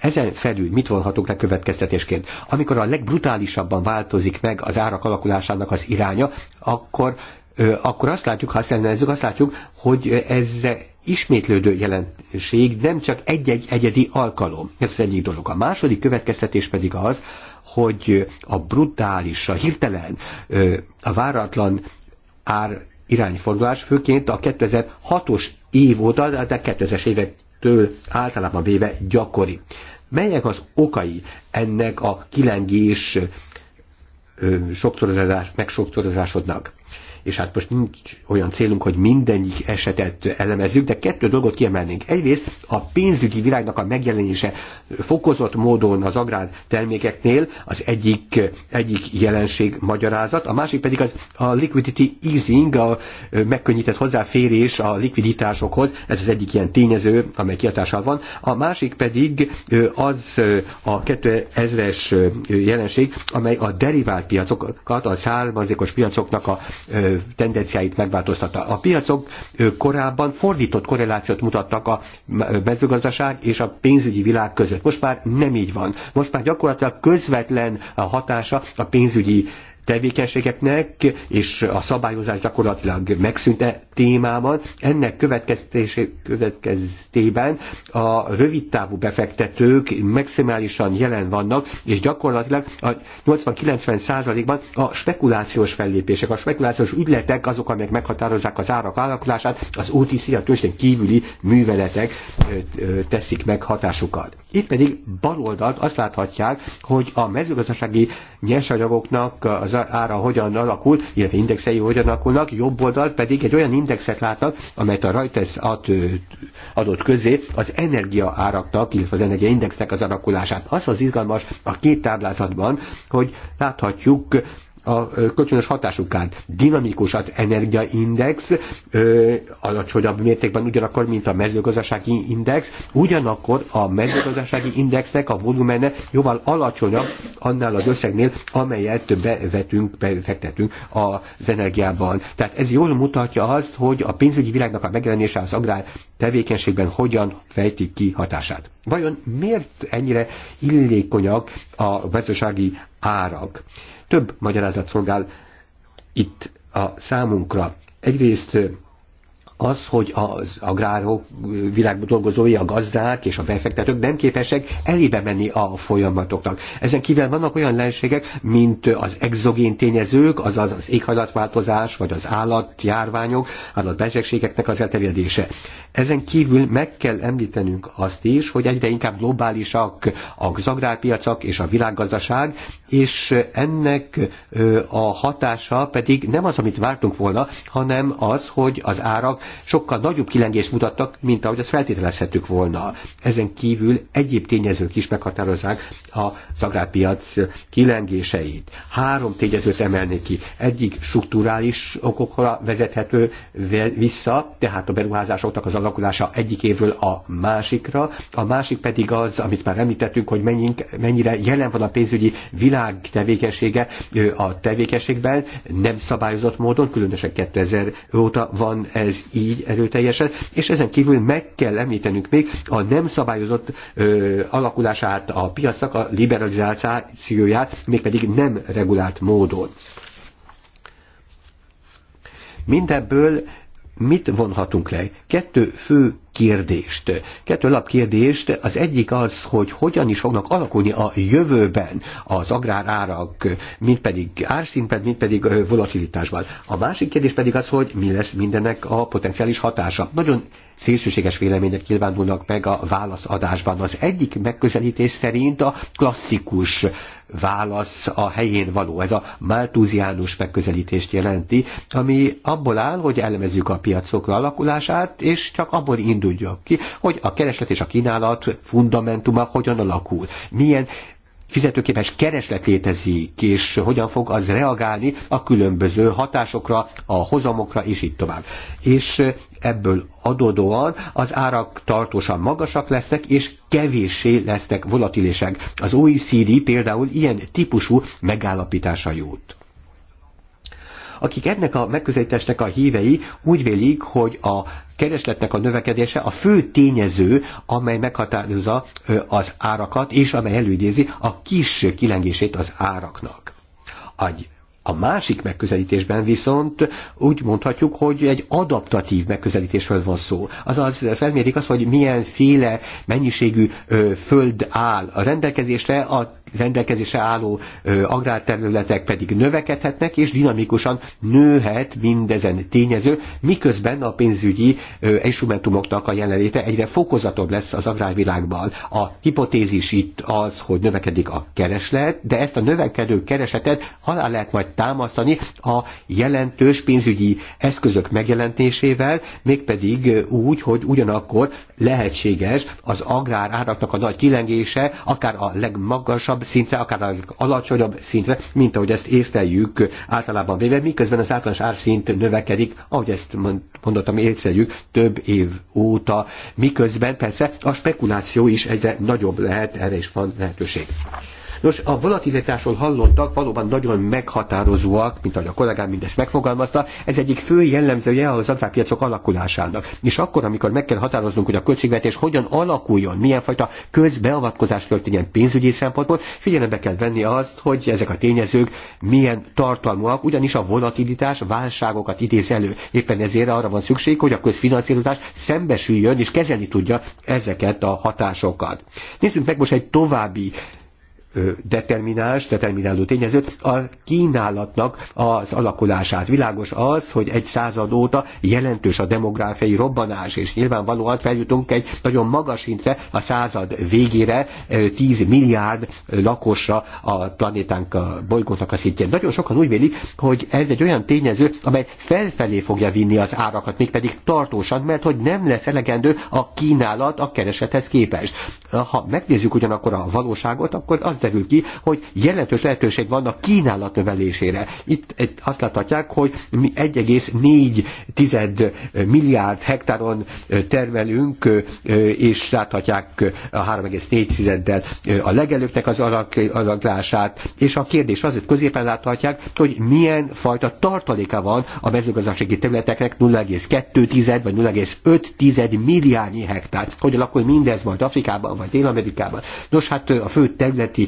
Ezen felül mit vonhatunk le következtetésként? Amikor a legbrutálisabban változik meg az árak alakulásának az iránya, akkor, akkor azt látjuk, ha azt ellenezzük, azt látjuk, hogy ez ismétlődő jelenség, nem csak egy-egy egyedi alkalom. Ez az egyik dolog. A második következtetés pedig az, hogy a brutális, a hirtelen, a váratlan ár irányfordulás, főként a 2006-os év óta, de 2000-es évektől általában véve gyakori. Melyek az okai ennek a kilengés sokszorozás, megsokszorozásodnak? és hát most nincs olyan célunk, hogy minden esetet elemezzük, de kettő dolgot kiemelnénk. Egyrészt a pénzügyi világnak a megjelenése fokozott módon az agrár termékeknél az egyik, egyik jelenség magyarázat, a másik pedig az a liquidity easing, a megkönnyített hozzáférés a likviditásokhoz, ez az egyik ilyen tényező, amely kiatással van. A másik pedig az a 2000-es jelenség, amely a derivált piacokat, a származékos piacoknak a tendenciáit megváltoztatta. A piacok korábban fordított korrelációt mutattak a mezőgazdaság és a pénzügyi világ között. Most már nem így van. Most már gyakorlatilag közvetlen a hatása a pénzügyi tevékenységeknek és a szabályozás gyakorlatilag megszűnte témában. Ennek következtében a rövidtávú befektetők maximálisan jelen vannak, és gyakorlatilag a 80-90 százalékban a spekulációs fellépések, a spekulációs ügyletek azok, amelyek meghatározzák az árak alakulását, az OTC, a tőzsdén kívüli műveletek teszik meg hatásukat. Itt pedig baloldalt azt láthatják, hogy a mezőgazdasági nyersanyagoknak az ára hogyan alakul, illetve indexei hogyan alakulnak, jobb oldalt pedig egy olyan indexet látnak, amelyet a Reuters ad, adott közé az energia áraknak, illetve az energiaindexnek az alakulását. Az az izgalmas a két táblázatban, hogy láthatjuk a kölcsönös hatásukán. Dinamikus az energiaindex, alacsonyabb mértékben ugyanakkor, mint a mezőgazdasági index, ugyanakkor a mezőgazdasági indexnek a volumene jóval alacsonyabb annál az összegnél, amelyet bevetünk, befektetünk az energiában. Tehát ez jól mutatja azt, hogy a pénzügyi világnak a megjelenése az agrár tevékenységben hogyan fejtik ki hatását. Vajon miért ennyire illékonyak a gazdasági árak? több magyarázat szolgál itt a számunkra. Egyrészt az, hogy az agrárok világ dolgozói, a gazdák és a befektetők nem képesek elébe menni a folyamatoknak. Ezen kívül vannak olyan lenségek, mint az exogén tényezők, azaz az éghajlatváltozás, vagy az állatjárványok, állatbezsegségeknek az elterjedése. Ezen kívül meg kell említenünk azt is, hogy egyre inkább globálisak az agrárpiacok és a világgazdaság, és ennek a hatása pedig nem az, amit vártunk volna, hanem az, hogy az árak sokkal nagyobb kilengést mutattak, mint ahogy azt feltételezhetük volna. Ezen kívül egyéb tényezők is meghatározzák a agrárpiac kilengéseit. Három tényezőt emelnék ki. Egyik strukturális okokra vezethető vissza, tehát a beruházásoknak az alakulása egyik évről a másikra, a másik pedig az, amit már említettünk, hogy mennyire jelen van a pénzügyi világ tevékenysége a tevékenységben, nem szabályozott módon, különösen 2000 óta van ez így erőteljesen, és ezen kívül meg kell említenünk még a nem szabályozott ö, alakulását, a piacnak a liberalizációját, mégpedig nem regulált módon. Mindebből mit vonhatunk le? Kettő fő kérdést. Kettő alapkérdést, az egyik az, hogy hogyan is fognak alakulni a jövőben az agrárárak, mint pedig árszintben, mint pedig volatilitásban. A másik kérdés pedig az, hogy mi lesz mindennek a potenciális hatása. Nagyon szélsőséges vélemények nyilvánulnak meg a válaszadásban. Az egyik megközelítés szerint a klasszikus válasz a helyén való. Ez a Maltúziánus megközelítést jelenti, ami abból áll, hogy elemezzük a piacok alakulását, és csak abból induljuk ki, hogy a kereslet és a kínálat fundamentuma hogyan alakul, milyen fizetőképes kereslet létezik, és hogyan fog az reagálni a különböző hatásokra, a hozamokra, és így tovább. És ebből adódóan az árak tartósan magasak lesznek, és kevéssé lesznek volatilisek. Az OECD például ilyen típusú megállapítása jut akik ennek a megközelítésnek a hívei úgy vélik, hogy a keresletnek a növekedése a fő tényező, amely meghatározza az árakat, és amely előidézi a kis kilengését az áraknak. Agy a másik megközelítésben viszont úgy mondhatjuk, hogy egy adaptatív megközelítésről van szó. Azaz felmérik azt, hogy milyen féle mennyiségű ö, föld áll a rendelkezésre, a rendelkezésre álló ö, agrárterületek pedig növekedhetnek, és dinamikusan nőhet mindezen tényező, miközben a pénzügyi ö, instrumentumoknak a jelenléte egyre fokozatobb lesz az agrárvilágban. A hipotézis itt az, hogy növekedik a kereslet, de ezt a növekedő keresetet alá lehet majd támasztani a jelentős pénzügyi eszközök megjelentésével, mégpedig úgy, hogy ugyanakkor lehetséges az agrár áraknak a nagy kilengése, akár a legmagasabb szintre, akár a legalacsonyabb szintre, mint ahogy ezt észleljük általában véve, miközben az általános árszint növekedik, ahogy ezt mondottam, észleljük több év óta, miközben persze a spekuláció is egyre nagyobb lehet, erre is van lehetőség. Nos, a volatilitásról hallottak valóban nagyon meghatározóak, mint ahogy a kollégám mindezt megfogalmazta, ez egyik fő jellemzője az agrárpiacok alakulásának. És akkor, amikor meg kell határoznunk, hogy a költségvetés hogyan alakuljon, milyen fajta közbeavatkozás történjen pénzügyi szempontból, figyelembe kell venni azt, hogy ezek a tényezők milyen tartalmúak, ugyanis a volatilitás válságokat idéz elő. Éppen ezért arra van szükség, hogy a közfinanszírozás szembesüljön és kezelni tudja ezeket a hatásokat. Nézzünk meg most egy további determinás, determináló tényezőt, a kínálatnak az alakulását. Világos az, hogy egy század óta jelentős a demográfiai robbanás, és nyilvánvalóan feljutunk egy nagyon magas szintre a század végére 10 milliárd lakosra a planétánk, a bolygónak a szintjén. Nagyon sokan úgy vélik, hogy ez egy olyan tényező, amely felfelé fogja vinni az árakat, mégpedig tartósan, mert hogy nem lesz elegendő a kínálat a keresethez képest. Ha megnézzük ugyanakkor a valóságot, akkor az az derül ki, hogy jelentős lehetőség vannak kínálat növelésére. Itt azt láthatják, hogy mi 1,4 milliárd hektáron termelünk, és láthatják a 3,4-del a legelőknek az alaklását, és a kérdés az, hogy középen láthatják, hogy milyen fajta tartaléka van a mezőgazdasági területeknek 0,2 vagy 0,5 milliárdnyi hektár. Hogy alakul mindez majd Afrikában, vagy Dél-Amerikában. Nos, hát a fő területi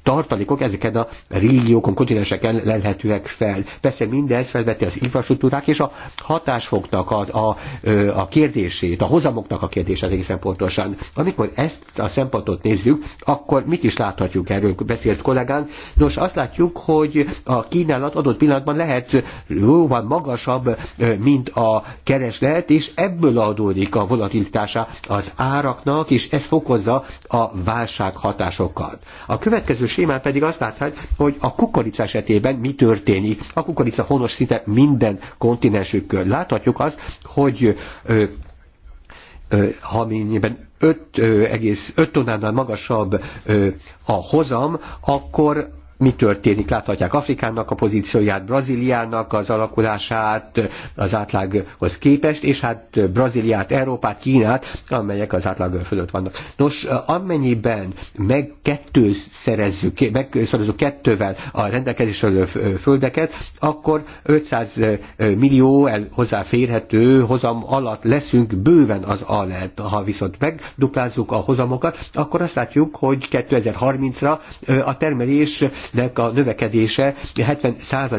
tartalékok ezeket a régiókon, kontinenseken lelhetőek fel. Persze mindez felveti az infrastruktúrák és a hatásfoknak a, a, a kérdését, a hozamoknak a kérdését egészen pontosan. Amikor ezt a szempontot nézzük, akkor mit is láthatjuk erről beszélt kollégánk? Nos, azt látjuk, hogy a kínálat adott pillanatban lehet jóval magasabb, mint a kereslet, és ebből adódik a volatilitása az áraknak, és ez fokozza a válság hatásokat. A következő sémán pedig azt láthat, hogy a kukorica esetében mi történik. A kukorica honos szinte minden kontinensükön. Láthatjuk azt, hogy ö, ö, ha amennyiben 5,5 tonnánál magasabb ö, a hozam, akkor mi történik. Láthatják Afrikának a pozícióját, Brazíliának az alakulását az átlaghoz képest, és hát Brazíliát, Európát, Kínát, amelyek az átlag fölött vannak. Nos, amennyiben meg kettő szerezzük, megszorozunk kettővel a rendelkezésről földeket, akkor 500 millió el hozzáférhető hozam alatt leszünk bőven az alelt. Ha viszont megduplázzuk a hozamokat, akkor azt látjuk, hogy 2030-ra a termelés nek a növekedése 70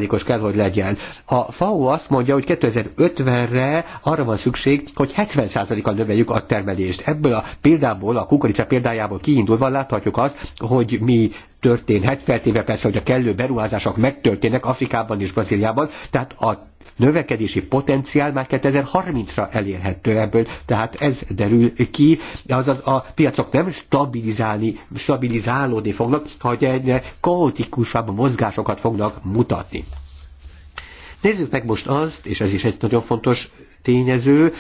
os kell, hogy legyen. A FAO azt mondja, hogy 2050-re arra van szükség, hogy 70 kal növeljük a termelést. Ebből a példából, a kukorica példájából kiindulva láthatjuk azt, hogy mi történhet, feltéve persze, hogy a kellő beruházások megtörténnek Afrikában és Brazíliában, tehát a növekedési potenciál már 2030-ra elérhető ebből, tehát ez derül ki, azaz a piacok nem stabilizálni, stabilizálódni fognak, hogy egy kaotikusabb mozgásokat fognak mutatni. Nézzük meg most azt, és ez is egy nagyon fontos tényező,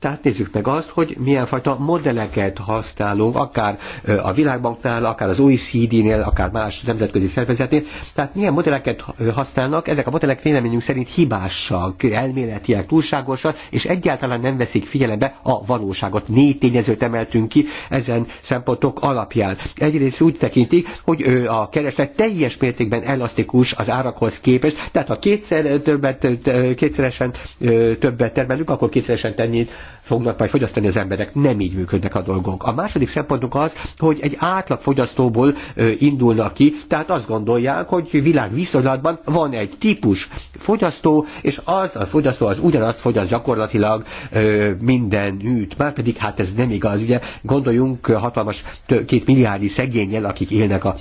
tehát nézzük meg azt, hogy milyen fajta modelleket használunk, akár a Világbanknál, akár az OECD-nél, akár más nemzetközi szervezetnél. Tehát milyen modelleket használnak, ezek a modellek véleményünk szerint hibásak, elméletiek, túlságosak, és egyáltalán nem veszik figyelembe a valóságot. Négy tényezőt emeltünk ki ezen szempontok alapján. Egyrészt úgy tekintik, hogy a kereslet teljes mértékben elasztikus az árakhoz képest, tehát ha kétszer többet, kétszeresen többet termelünk, akkor kétszeresen tenni fognak majd fogyasztani az emberek. Nem így működnek a dolgok. A második szempontunk az, hogy egy átlag fogyasztóból indulnak ki, tehát azt gondolják, hogy világviszonylatban van egy típus fogyasztó, és az a fogyasztó az ugyanazt fogyaszt gyakorlatilag mindenütt. Márpedig hát ez nem igaz. Ugye gondoljunk hatalmas két milliárdi szegényel, akik élnek a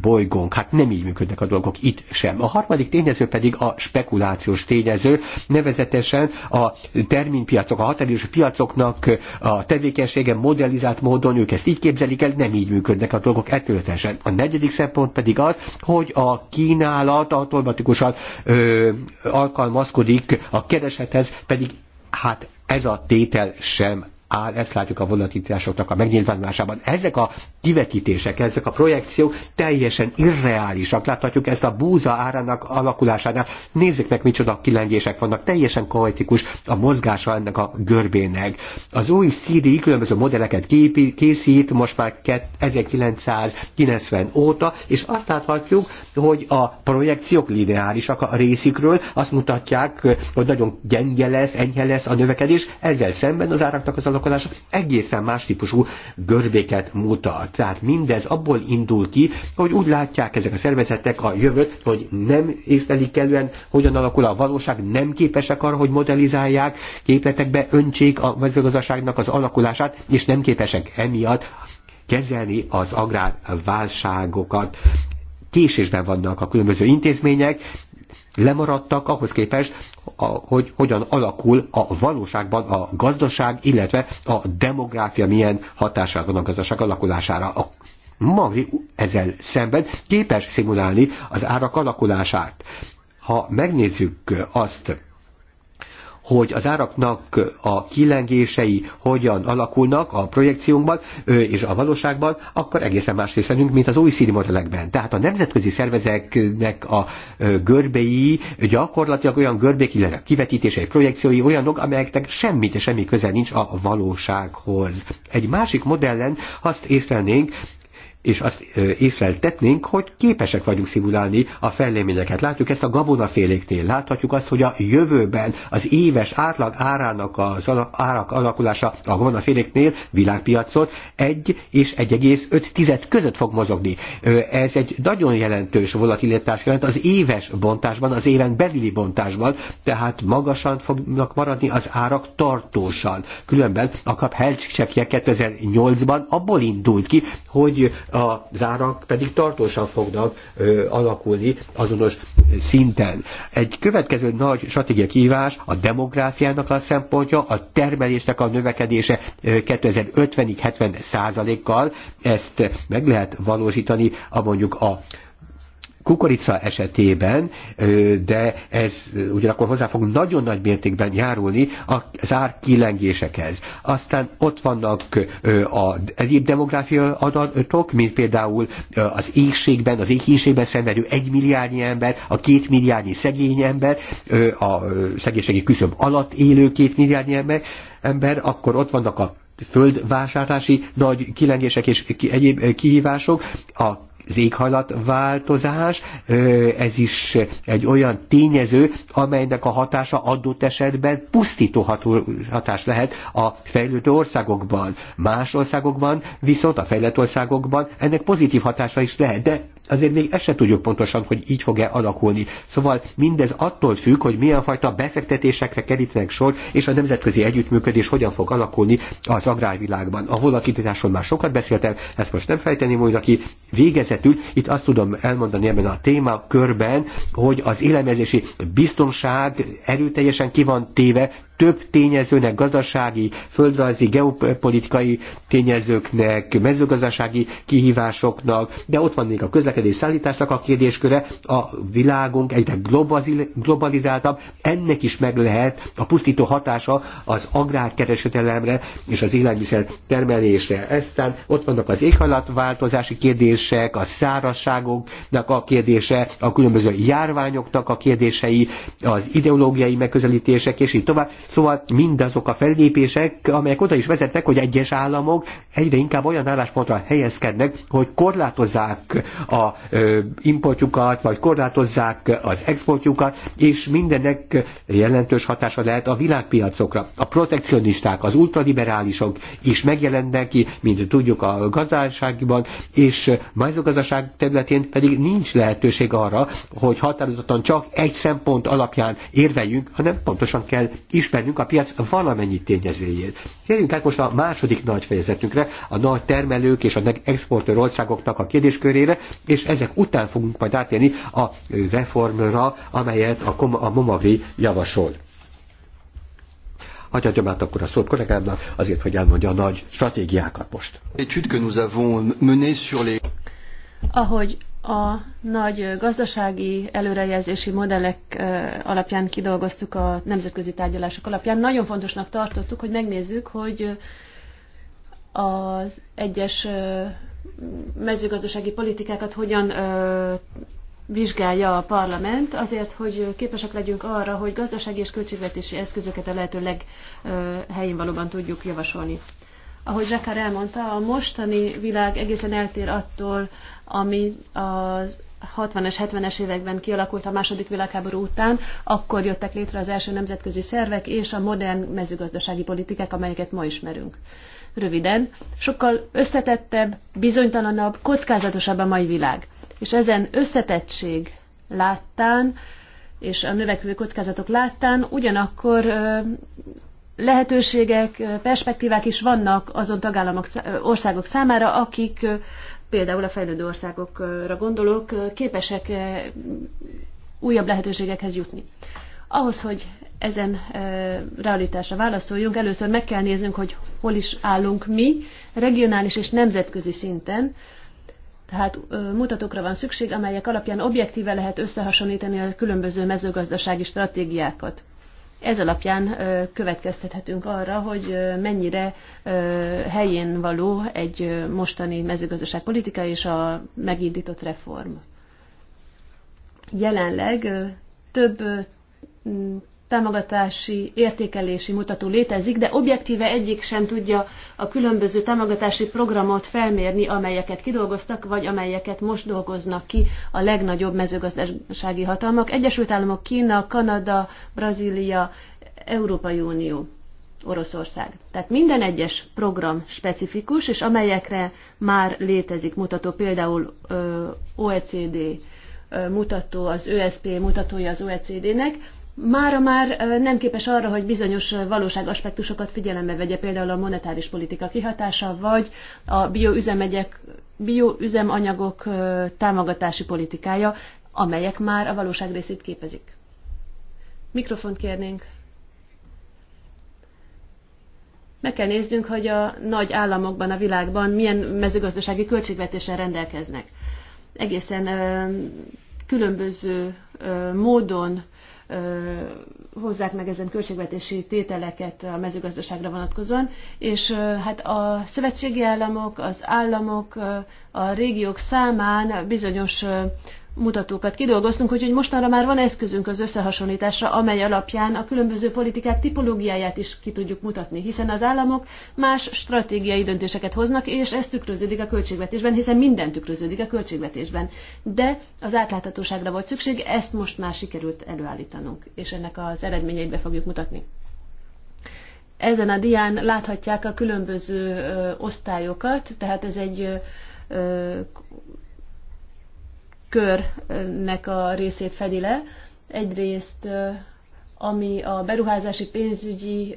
bolygónk. Hát nem így működnek a dolgok itt sem. A harmadik tényező pedig a spekulációs tényező, nevezetesen a terminpiacok, a határidős piacoknak a tevékenysége modellizált módon, ők ezt így képzelik el, nem így működnek a dolgok ettőletesen. A negyedik szempont pedig az, hogy a kínálat automatikusan ö, alkalmazkodik a keresethez, pedig hát ez a tétel sem áll, ezt látjuk a vonatításoknak a megnyilvánulásában. Ezek a kivetítések, ezek a projekciók teljesen irreálisak. Láthatjuk ezt a búza árának alakulásánál. Nézzük meg, micsoda kilengések vannak. Teljesen kaotikus a mozgása ennek a görbének. Az új CD különböző modelleket képi, készít, most már 1990 óta, és azt láthatjuk, hogy a projekciók lineárisak a részükről, azt mutatják, hogy nagyon gyenge lesz, enyhe lesz a növekedés, ezzel szemben az áraknak az alakulása egészen más típusú görbéket mutat. Tehát mindez abból indul ki, hogy úgy látják ezek a szervezetek a jövőt, hogy nem észlelik kellően, hogyan alakul a valóság, nem képesek arra, hogy modellizálják, képletekbe öntsék a mezőgazdaságnak az alakulását, és nem képesek emiatt kezelni az agrárválságokat késésben vannak a különböző intézmények, lemaradtak ahhoz képest, hogy hogyan alakul a valóságban a gazdaság, illetve a demográfia milyen hatással van a gazdaság alakulására. A Magri ezzel szemben képes szimulálni az árak alakulását. Ha megnézzük azt, hogy az áraknak a kilengései hogyan alakulnak a projekciónkban és a valóságban, akkor egészen más részenünk, mint az OECD modellekben. Tehát a nemzetközi szervezeknek a görbei gyakorlatilag olyan görbék, illetve kivetítései, projekciói olyanok, amelyeknek semmit, semmi köze nincs a valósághoz. Egy másik modellen azt észlelnénk, és azt észreltetnénk, hogy képesek vagyunk szimulálni a felléményeket. Látjuk ezt a gabonaféléknél, láthatjuk azt, hogy a jövőben az éves átlag árának az árak alakulása a gabonaféléknél világpiacon 1 és 1,5 között fog mozogni. Ez egy nagyon jelentős volatilitás jelent az éves bontásban, az éven belüli bontásban, tehát magasan fognak maradni az árak tartósan. Különben a kap 2008-ban abból indult ki, hogy az árak pedig tartósan fognak ö, alakulni azonos szinten. Egy következő nagy stratégia kívás a demográfiának a szempontja, a termelésnek a növekedése 2050 70 százalékkal, ezt meg lehet valósítani a mondjuk a kukorica esetében, de ez ugyanakkor hozzá fog nagyon nagy mértékben járulni az kilengésekhez. Aztán ott vannak az egyéb demográfia adatok, mint például az éhségben, az éhínségben szenvedő egymilliárdnyi ember, a kétmilliárdnyi szegény ember, a szegénységi küszöb alatt élő kétmilliárdnyi ember, akkor ott vannak a földvásárlási nagy kilengések és egyéb kihívások, a az éghajlatváltozás, ez is egy olyan tényező, amelynek a hatása adott esetben pusztító hatás lehet a fejlődő országokban. Más országokban, viszont a fejlett országokban ennek pozitív hatása is lehet, de azért még ezt se tudjuk pontosan, hogy így fog-e alakulni. Szóval mindez attól függ, hogy milyen fajta befektetésekre kerítenek sor, és a nemzetközi együttműködés hogyan fog alakulni az agrárvilágban. A volatilitásról már sokat beszéltem, ezt most nem fejteném újra ki. Végezetül itt azt tudom elmondani ebben a témakörben, hogy az élelmezési biztonság erőteljesen ki van téve több tényezőnek, gazdasági, földrajzi, geopolitikai tényezőknek, mezőgazdasági kihívásoknak, de ott van még a közlekedés szállításnak a kérdésköre, a világunk egyre globalizáltabb, ennek is meg lehet a pusztító hatása az agrárkereskedelemre és az élelmiszer termelésre. Eztán ott vannak az éghajlatváltozási kérdések, a szárazságoknak a kérdése, a különböző járványoknak a kérdései, az ideológiai megközelítések, és így tovább. Szóval mindazok a fellépések, amelyek oda is vezetnek, hogy egyes államok egyre inkább olyan álláspontra helyezkednek, hogy korlátozzák a importjukat, vagy korlátozzák az exportjukat, és mindennek jelentős hatása lehet a világpiacokra. A protekcionisták, az ultraliberálisok is megjelennek, mint tudjuk a gazdaságban, és mezőgazdaság területén pedig nincs lehetőség arra, hogy határozottan csak egy szempont alapján érveljünk, hanem pontosan kell ismerni ismernünk a piac valamennyi tényezőjét. Kérjünk át most a második nagy fejezetünkre, a nagy termelők és a nagy exportőr országoknak a kérdéskörére, és ezek után fogunk majd átérni a reformra, amelyet a, Kom- a Momavi javasol. Hagyjam át akkor a szót kollégámnak, azért, hogy elmondja a nagy stratégiákat most. Ahogy a nagy gazdasági előrejelzési modellek alapján kidolgoztuk a nemzetközi tárgyalások alapján. Nagyon fontosnak tartottuk, hogy megnézzük, hogy az egyes mezőgazdasági politikákat hogyan vizsgálja a parlament, azért, hogy képesek legyünk arra, hogy gazdasági és költségvetési eszközöket a lehető leghelyén valóban tudjuk javasolni. Ahogy Zsákár elmondta, a mostani világ egészen eltér attól, ami az 60-es, 70-es években kialakult a második világháború után, akkor jöttek létre az első nemzetközi szervek és a modern mezőgazdasági politikák, amelyeket ma ismerünk. Röviden, sokkal összetettebb, bizonytalanabb, kockázatosabb a mai világ. És ezen összetettség láttán, és a növekvő kockázatok láttán ugyanakkor lehetőségek, perspektívák is vannak azon tagállamok, országok számára, akik például a fejlődő országokra gondolok, képesek eh, újabb lehetőségekhez jutni. Ahhoz, hogy ezen eh, realitásra válaszoljunk, először meg kell néznünk, hogy hol is állunk mi, regionális és nemzetközi szinten, tehát mutatókra van szükség, amelyek alapján objektíve lehet összehasonlítani a különböző mezőgazdasági stratégiákat. Ez alapján következtethetünk arra, hogy mennyire helyén való egy mostani mezőgazdaságpolitika és a megindított reform. Jelenleg több támogatási értékelési mutató létezik, de objektíve egyik sem tudja a különböző támogatási programot felmérni, amelyeket kidolgoztak, vagy amelyeket most dolgoznak ki a legnagyobb mezőgazdasági hatalmak. Egyesült Államok, Kína, Kanada, Brazília, Európai Unió. Oroszország. Tehát minden egyes program specifikus, és amelyekre már létezik mutató, például OECD mutató, az ÖSP mutatója az OECD-nek, mára már nem képes arra, hogy bizonyos valóságaspektusokat figyelembe vegye, például a monetáris politika kihatása, vagy a bioüzemegyek, bioüzemanyagok támogatási politikája, amelyek már a valóság részét képezik. Mikrofont kérnénk. Meg kell néznünk, hogy a nagy államokban, a világban milyen mezőgazdasági költségvetéssel rendelkeznek. Egészen különböző módon hozzák meg ezen költségvetési tételeket a mezőgazdaságra vonatkozóan, és hát a szövetségi államok, az államok, a régiók számán bizonyos mutatókat kidolgoztunk, úgyhogy mostanra már van eszközünk az összehasonlításra, amely alapján a különböző politikák tipológiáját is ki tudjuk mutatni, hiszen az államok más stratégiai döntéseket hoznak, és ez tükröződik a költségvetésben, hiszen minden tükröződik a költségvetésben. De az átláthatóságra volt szükség, ezt most már sikerült előállítanunk, és ennek az eredményeit be fogjuk mutatni. Ezen a dián láthatják a különböző osztályokat, tehát ez egy körnek a részét fedi le. Egyrészt ami a beruházási pénzügyi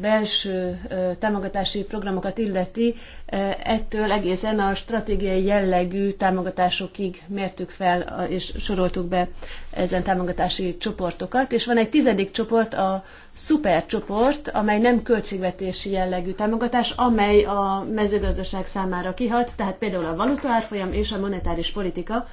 belső támogatási programokat illeti, ettől egészen a stratégiai jellegű támogatásokig mértük fel és soroltuk be ezen támogatási csoportokat. És van egy tizedik csoport, a szupercsoport, amely nem költségvetési jellegű támogatás, amely a mezőgazdaság számára kihat, tehát például a valutaárfolyam és a monetáris politika,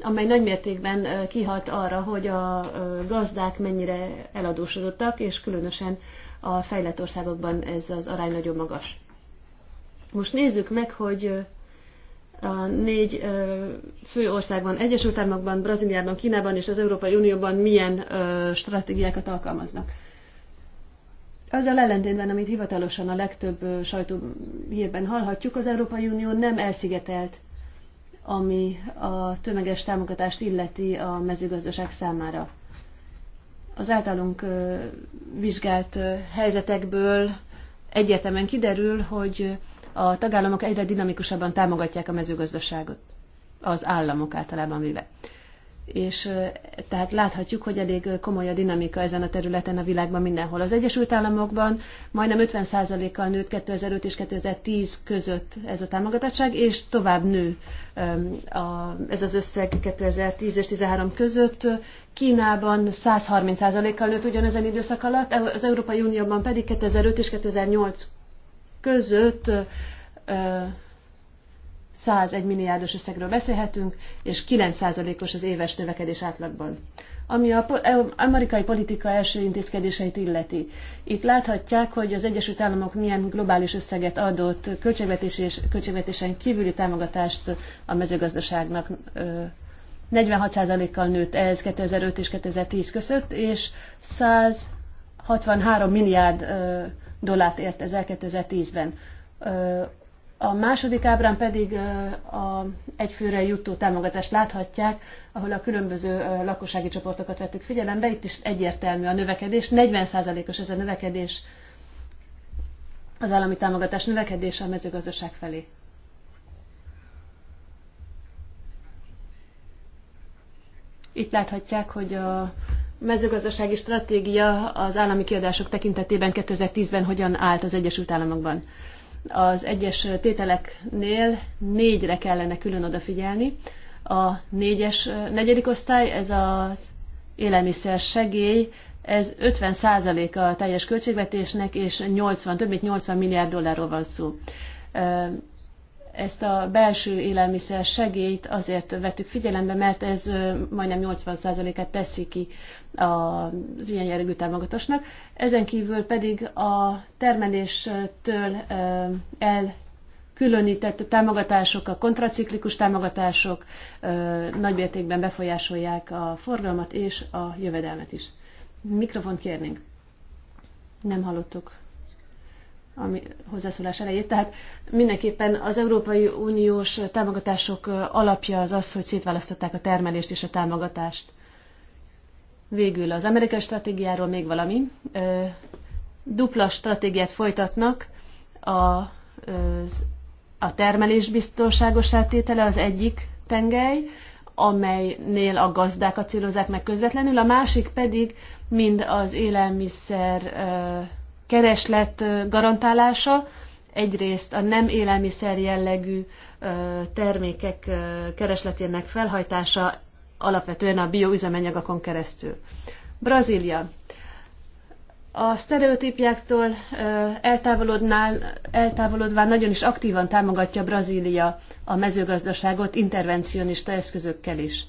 amely nagymértékben kihat arra, hogy a gazdák mennyire eladósodottak, és különösen a fejlett országokban ez az arány nagyon magas. Most nézzük meg, hogy a négy fő országban, Egyesült Államokban, Brazíliában, Kínában és az Európai Unióban milyen stratégiákat alkalmaznak. Azzal ellentétben, amit hivatalosan a legtöbb sajtó hírben hallhatjuk, az Európai Unió nem elszigetelt, ami a tömeges támogatást illeti a mezőgazdaság számára. Az általunk vizsgált helyzetekből egyértelműen kiderül, hogy a tagállamok egyre dinamikusabban támogatják a mezőgazdaságot, az államok általában véve és tehát láthatjuk, hogy elég komoly a dinamika ezen a területen a világban mindenhol. Az Egyesült Államokban majdnem 50%-kal nőtt 2005 és 2010 között ez a támogatottság, és tovább nő ez az összeg 2010 és 2013 között. Kínában 130%-kal nőtt ugyanezen időszak alatt, e, az Európai Unióban pedig 2005 és 2008 között 101 milliárdos összegről beszélhetünk, és 9%-os az éves növekedés átlagban. Ami a e- amerikai politika első intézkedéseit illeti. Itt láthatják, hogy az Egyesült Államok milyen globális összeget adott költségvetési és költségvetésen kívüli támogatást a mezőgazdaságnak 46%-kal nőtt ez 2005 és 2010 között, és 163 milliárd dollárt ért ez el 2010-ben. A második ábrán pedig a egyfőre jutó támogatást láthatják, ahol a különböző lakossági csoportokat vettük figyelembe. Itt is egyértelmű a növekedés, 40%-os ez a növekedés az állami támogatás növekedése a mezőgazdaság felé. Itt láthatják, hogy a mezőgazdasági stratégia az állami kiadások tekintetében 2010-ben hogyan állt az Egyesült Államokban az egyes tételeknél négyre kellene külön odafigyelni. A négyes, negyedik osztály, ez az élelmiszer segély, ez 50%-a a teljes költségvetésnek, és 80, több mint 80 milliárd dollárról van szó ezt a belső élelmiszer segélyt azért vettük figyelembe, mert ez majdnem 80%-át teszi ki az ilyen jellegű támogatásnak. Ezen kívül pedig a termeléstől különített támogatások, a kontraciklikus támogatások nagymértékben befolyásolják a forgalmat és a jövedelmet is. Mikrofont kérnénk. Nem hallottuk ami hozzászólás elejét. Tehát mindenképpen az Európai Uniós támogatások alapja az az, hogy szétválasztották a termelést és a támogatást. Végül az amerikai stratégiáról még valami. Dupla stratégiát folytatnak a, a termelés biztonságos tétele az egyik tengely, amelynél a gazdákat célozzák meg közvetlenül, a másik pedig mind az élelmiszer kereslet garantálása, egyrészt a nem élelmiszer jellegű termékek keresletének felhajtása alapvetően a bioüzemanyagokon keresztül. Brazília. A sztereotípiáktól eltávolodva nagyon is aktívan támogatja Brazília a mezőgazdaságot intervencionista eszközökkel is.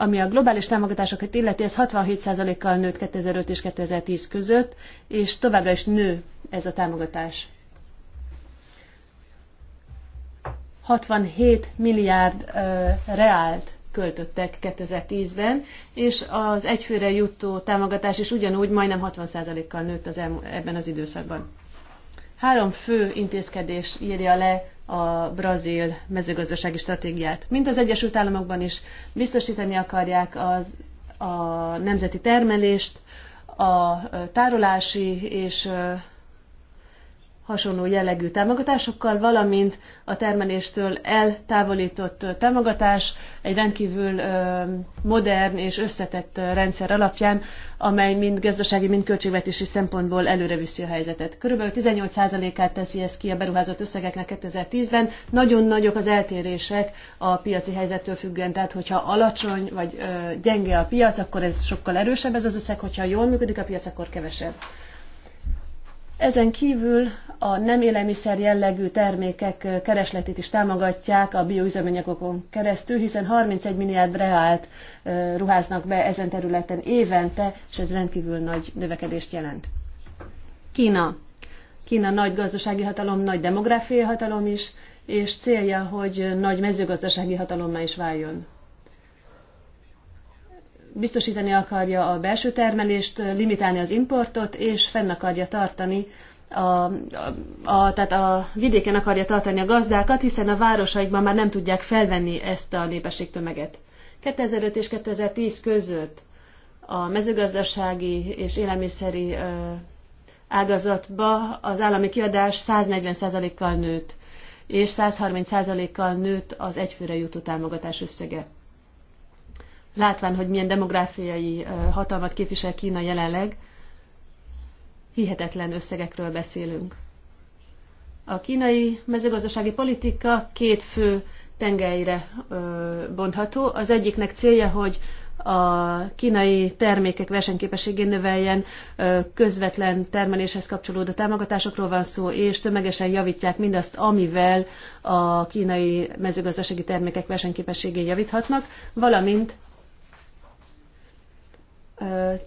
Ami a globális támogatásokat illeti, ez 67%-kal nőtt 2005 és 2010 között, és továbbra is nő ez a támogatás. 67 milliárd uh, reált költöttek 2010-ben, és az egyfőre jutó támogatás is ugyanúgy majdnem 60%-kal nőtt az ebben az időszakban. Három fő intézkedés írja le a brazil mezőgazdasági stratégiát. Mint az Egyesült Államokban is biztosítani akarják az, a nemzeti termelést, a tárolási és hasonló jellegű támogatásokkal, valamint a termeléstől eltávolított támogatás egy rendkívül modern és összetett rendszer alapján, amely mind gazdasági, mind költségvetési szempontból előre viszi a helyzetet. Körülbelül 18%-át teszi ez ki a beruházott összegeknek 2010-ben. Nagyon nagyok az eltérések a piaci helyzettől függően, tehát hogyha alacsony vagy gyenge a piac, akkor ez sokkal erősebb ez az összeg, hogyha jól működik a piac, akkor kevesebb. Ezen kívül a nem élelmiszer jellegű termékek keresletét is támogatják a bioüzemanyagokon keresztül, hiszen 31 milliárd reált ruháznak be ezen területen évente, és ez rendkívül nagy növekedést jelent. Kína. Kína nagy gazdasági hatalom, nagy demográfiai hatalom is, és célja, hogy nagy mezőgazdasági hatalommá is váljon biztosítani akarja a belső termelést, limitálni az importot, és fenn akarja tartani a, a, a, tehát a vidéken akarja tartani a gazdákat, hiszen a városaikban már nem tudják felvenni ezt a népességtömeget. 2005 és 2010 között a mezőgazdasági és élelmiszeri ágazatba az állami kiadás 140%-kal nőtt, és 130%-kal nőtt az egyfőre jutó támogatás összege látván, hogy milyen demográfiai hatalmat képvisel Kína jelenleg, hihetetlen összegekről beszélünk. A kínai mezőgazdasági politika két fő tengelyre bontható. Az egyiknek célja, hogy a kínai termékek versenyképességén növeljen, közvetlen termeléshez kapcsolódó támogatásokról van szó, és tömegesen javítják mindazt, amivel a kínai mezőgazdasági termékek versenyképességén javíthatnak, valamint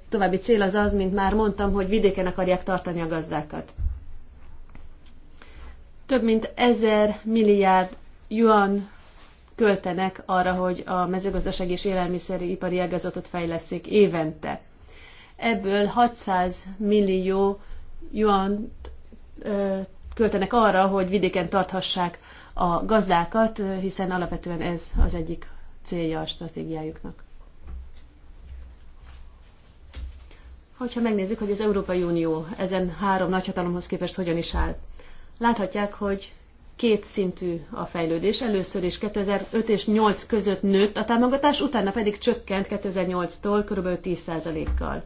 további cél az az, mint már mondtam, hogy vidéken akarják tartani a gazdákat. Több mint ezer milliárd yuan költenek arra, hogy a mezőgazdasági és élelmiszeri ipari ágazatot fejleszik évente. Ebből 600 millió yuan költenek arra, hogy vidéken tarthassák a gazdákat, hiszen alapvetően ez az egyik célja a stratégiájuknak. hogyha megnézzük, hogy az Európai Unió ezen három nagyhatalomhoz képest hogyan is áll. Láthatják, hogy két szintű a fejlődés. Először is 2005 és 8 között nőtt a támogatás, utána pedig csökkent 2008-tól kb. 10%-kal.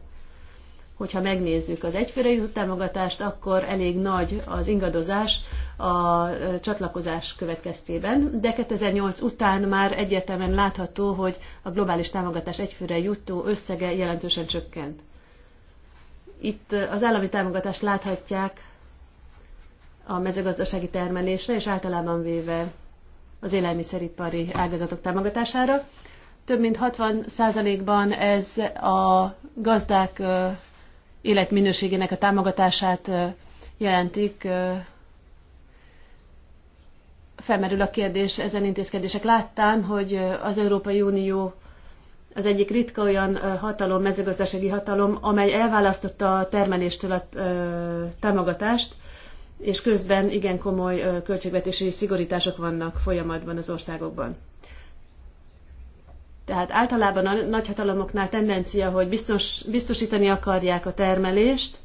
Hogyha megnézzük az egyfőre jutott támogatást, akkor elég nagy az ingadozás a csatlakozás következtében, de 2008 után már egyértelműen látható, hogy a globális támogatás egyfőre jutó összege jelentősen csökkent. Itt az állami támogatást láthatják a mezőgazdasági termelésre, és általában véve az élelmiszeripari ágazatok támogatására. Több mint 60%-ban ez a gazdák életminőségének a támogatását jelentik. Felmerül a kérdés ezen intézkedések láttán, hogy az Európai Unió az egyik ritka olyan hatalom, mezőgazdasági hatalom, amely elválasztotta a termeléstől a támogatást, és közben igen komoly költségvetési szigorítások vannak folyamatban az országokban. Tehát általában a nagyhatalomoknál tendencia, hogy biztos, biztosítani akarják a termelést,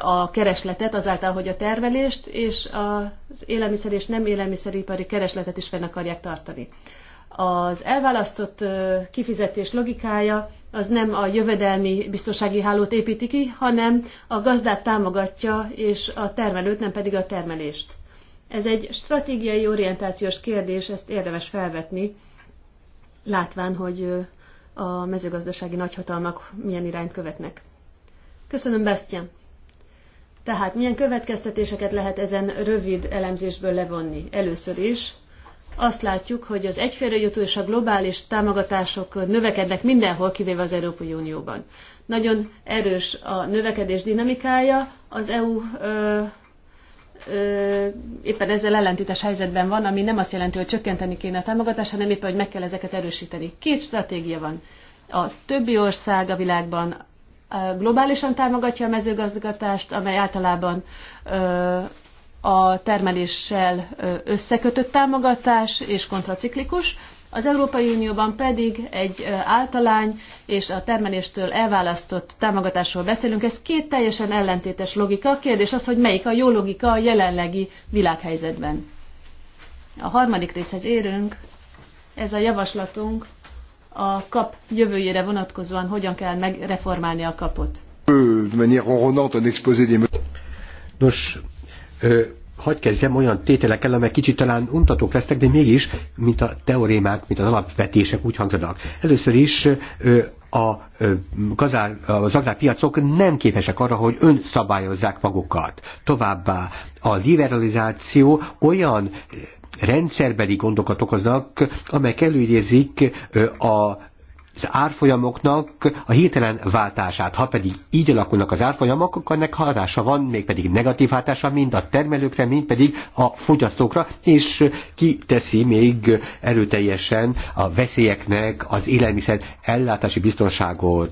a keresletet, azáltal, hogy a termelést és az élelmiszer és nem élelmiszeripari keresletet is fenn akarják tartani. Az elválasztott kifizetés logikája az nem a jövedelmi biztonsági hálót építi ki, hanem a gazdát támogatja, és a termelőt, nem pedig a termelést. Ez egy stratégiai orientációs kérdés, ezt érdemes felvetni, látván, hogy a mezőgazdasági nagyhatalmak milyen irányt követnek. Köszönöm, Bastian! Tehát milyen következtetéseket lehet ezen rövid elemzésből levonni? Először is azt látjuk, hogy az egyfélre jutó és a globális támogatások növekednek mindenhol, kivéve az Európai Unióban. Nagyon erős a növekedés dinamikája, az EU ö, ö, éppen ezzel ellentétes helyzetben van, ami nem azt jelenti, hogy csökkenteni kéne a támogatást, hanem éppen, hogy meg kell ezeket erősíteni. Két stratégia van. A többi ország a világban globálisan támogatja a mezőgazdagatást, amely általában ö, a termeléssel összekötött támogatás és kontraciklikus, az Európai Unióban pedig egy általány és a termeléstől elválasztott támogatásról beszélünk. Ez két teljesen ellentétes logika. A kérdés az, hogy melyik a jó logika a jelenlegi világhelyzetben. A harmadik részhez érünk. Ez a javaslatunk a kap jövőjére vonatkozóan hogyan kell megreformálni a kapot. Nos, hagy kezdjem olyan tételekkel, amelyek kicsit talán untatók lesznek, de mégis, mint a teorémák, mint az alapvetések úgy hangzanak. Először is a, gazár, az agrárpiacok nem képesek arra, hogy önszabályozzák magukat. Továbbá a liberalizáció olyan rendszerbeli gondokat okoznak, amelyek előidézik a az árfolyamoknak a hirtelen váltását. Ha pedig így alakulnak az árfolyamok, akkor ennek hatása van, még pedig negatív hatása mind a termelőkre, mind pedig a fogyasztókra, és kiteszi még erőteljesen a veszélyeknek az élelmiszer ellátási biztonságot.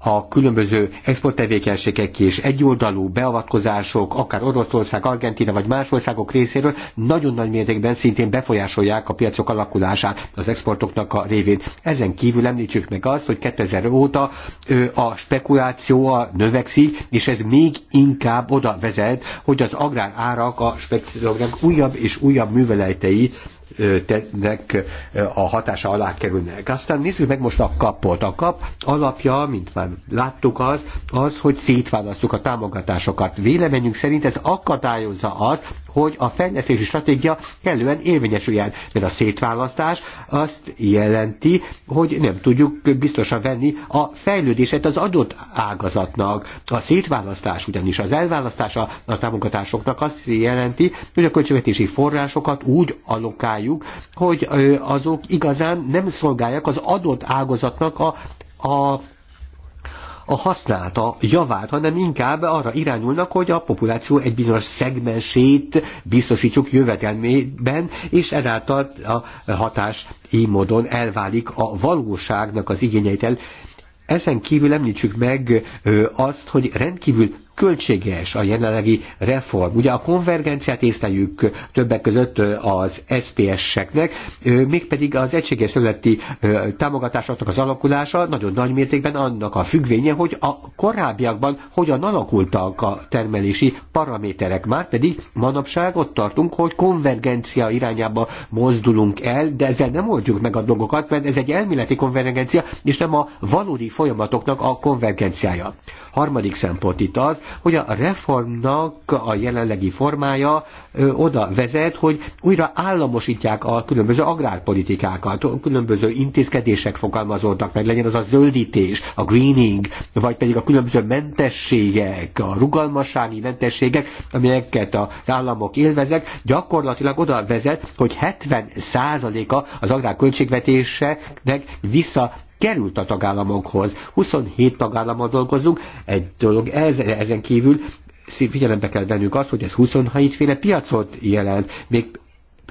A különböző exporttevékenységek és egyoldalú beavatkozások, akár Oroszország, Argentina vagy más országok részéről nagyon nagy mértékben szintén befolyásolják a piacok alakulását az exportoknak a révén. Ezen kívül kívül említsük meg azt, hogy 2000 óta a spekuláció növekszik, és ez még inkább oda vezet, hogy az árak a spekulációknak újabb és újabb műveletei tennek a hatása alá kerülnek. Aztán nézzük meg most a kapot. A kap alapja, mint már láttuk az, az, hogy szétválasztjuk a támogatásokat. Véleményünk szerint ez akadályozza azt, hogy a fejlesztési stratégia kellően érvényesüljen. Mert a szétválasztás azt jelenti, hogy nem tudjuk biztosan venni a fejlődését az adott ágazatnak. A szétválasztás ugyanis az elválasztása a támogatásoknak azt jelenti, hogy a költségvetési forrásokat úgy allokáljuk, hogy azok igazán nem szolgálják az adott ágazatnak a a a használta a javát, hanem inkább arra irányulnak, hogy a populáció egy bizonyos szegmensét biztosítsuk jövedelmében, és ezáltal a hatás így módon elválik a valóságnak az igényeit el. Ezen kívül említsük meg azt, hogy rendkívül költséges a jelenlegi reform. Ugye a konvergenciát észleljük többek között az SPS-eknek, mégpedig az egységes területi támogatásoknak az alakulása nagyon nagy mértékben annak a függvénye, hogy a korábbiakban hogyan alakultak a termelési paraméterek. Már pedig manapság ott tartunk, hogy konvergencia irányába mozdulunk el, de ezzel nem oldjuk meg a dolgokat, mert ez egy elméleti konvergencia, és nem a valódi folyamatoknak a konvergenciája. Harmadik szempont itt az, hogy a reformnak a jelenlegi formája ö, oda vezet, hogy újra államosítják a különböző agrárpolitikákat, különböző intézkedések fogalmazódnak meg, legyen az a zöldítés, a greening, vagy pedig a különböző mentességek, a rugalmassági mentességek, amelyeket az államok élvezek, gyakorlatilag oda vezet, hogy 70%-a az agrárköltségvetéseknek vissza került a tagállamokhoz. 27 tagállammal dolgozunk, egy dolog ezen kívül figyelembe kell vennünk azt, hogy ez 27 féle piacot jelent, még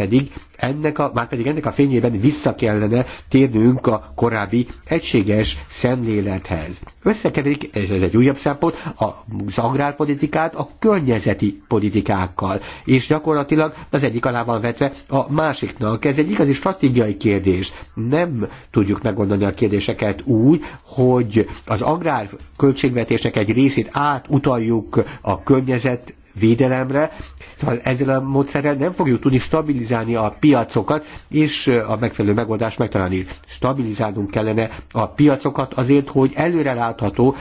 pedig ennek a, már pedig ennek a fényében vissza kellene térnünk a korábbi egységes szemlélethez. Összekeverik, ez egy újabb szempont, az agrárpolitikát a környezeti politikákkal, és gyakorlatilag az egyik alá van vetve a másiknak. Ez egy igazi stratégiai kérdés. Nem tudjuk megoldani a kérdéseket úgy, hogy az agrár költségvetésnek egy részét átutaljuk a környezet védelemre, Szóval ezzel a módszerrel nem fogjuk tudni stabilizálni a piacokat, és a megfelelő megoldást megtalálni. Stabilizálnunk kellene a piacokat azért, hogy előrelátható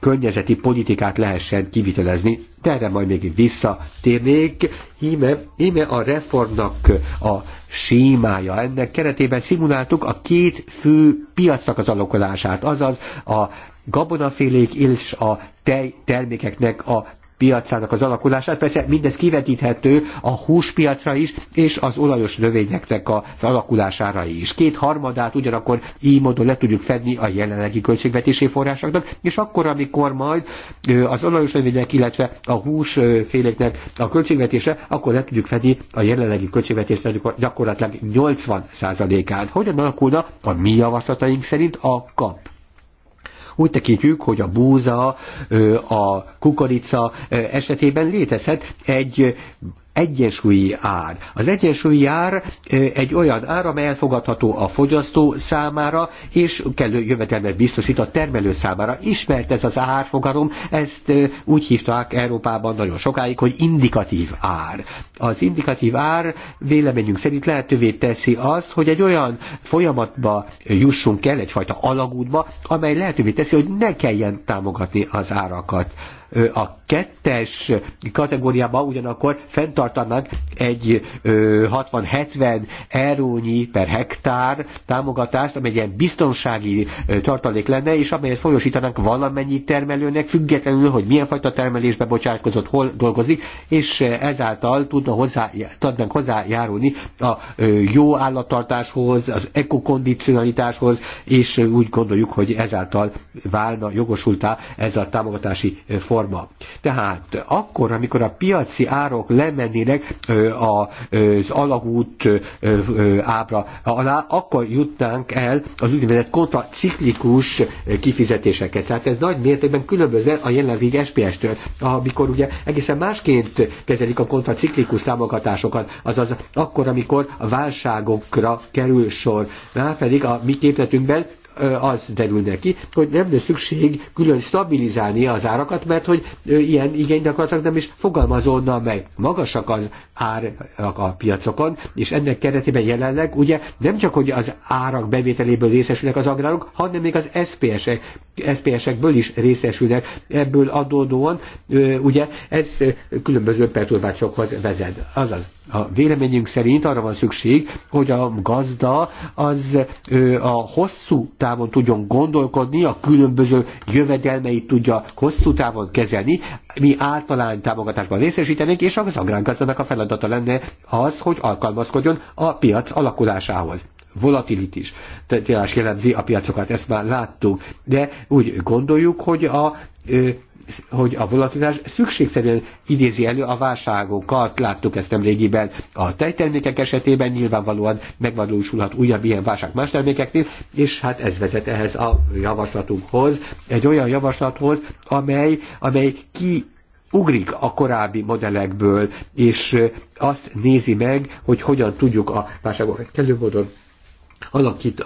környezeti politikát lehessen kivitelezni. De erre majd még visszatérnék. Íme, íme a reformnak a sémája. Ennek keretében szimuláltuk a két fő piacnak az alakulását, azaz a gabonafélék és a tejtermékeknek a piacának az alakulását. Persze mindez kivetíthető a húspiacra is, és az olajos növényeknek az alakulására is. Két harmadát ugyanakkor így módon le tudjuk fedni a jelenlegi költségvetési forrásoknak, és akkor, amikor majd az olajos növények, illetve a húsféléknek a költségvetése, akkor le tudjuk fedni a jelenlegi költségvetésnek gyakorlatilag 80%-át. Hogyan alakulna a mi javaslataink szerint a kap? Úgy tekintjük, hogy a búza, a kukorica esetében létezhet egy egyensúlyi ár. Az egyensúlyi ár egy olyan ár, amely elfogadható a fogyasztó számára, és kellő jövedelmet biztosít a termelő számára. Ismert ez az árfogalom, ezt úgy hívták Európában nagyon sokáig, hogy indikatív ár. Az indikatív ár véleményünk szerint lehetővé teszi azt, hogy egy olyan folyamatba jussunk el, egyfajta alagútba, amely lehetővé teszi, hogy ne kelljen támogatni az árakat a kettes kategóriában ugyanakkor fenntartanak egy 60-70 eurónyi per hektár támogatást, amely egy ilyen biztonsági tartalék lenne, és amelyet folyosítanak valamennyi termelőnek, függetlenül, hogy milyen fajta termelésbe bocsátkozott, hol dolgozik, és ezáltal tudna hozzá, tudnak hozzájárulni a jó állattartáshoz, az ekokondicionalitáshoz, és úgy gondoljuk, hogy ezáltal válna jogosultá ez a támogatási forma forma. Tehát akkor, amikor a piaci árok lemennének az alagút ábra alá, akkor jutnánk el az úgynevezett kontraciklikus kifizetésekhez. Tehát ez nagy mértékben különböző a jelenlegi SPS-től, amikor ugye egészen másként kezelik a kontraciklikus támogatásokat, azaz akkor, amikor a válságokra kerül sor. Már pedig a mi képletünkben az derül neki, hogy nem lesz szükség külön stabilizálni az árakat, mert hogy ilyen igényt akartak nem is fogalmazódna meg. Magasak az árak a piacokon, és ennek keretében jelenleg ugye nem csak, hogy az árak bevételéből részesülnek az agrárok, hanem még az SPS-ek, SPS-ekből is részesülnek. Ebből adódóan ugye ez különböző perturbációkhoz vezet. Azaz, a véleményünk szerint arra van szükség, hogy a gazda az a hosszú távon tudjon gondolkodni, a különböző jövedelmeit tudja hosszú távon kezelni, mi általány támogatásban részesítenénk, és az agrárgazdának a feladata lenne az, hogy alkalmazkodjon a piac alakulásához volatilitis tényleg jellemzi a piacokat, ezt már láttuk, de úgy gondoljuk, hogy a hogy a volatilitás szükségszerűen idézi elő a válságokat, láttuk ezt nem régiben a tejtermékek esetében, nyilvánvalóan megvalósulhat újabb ilyen válság más termékeknél, és hát ez vezet ehhez a javaslatunkhoz, egy olyan javaslathoz, amely, amely ki ugrik a korábbi modellekből, és azt nézi meg, hogy hogyan tudjuk a válságokat kellő módon alakít,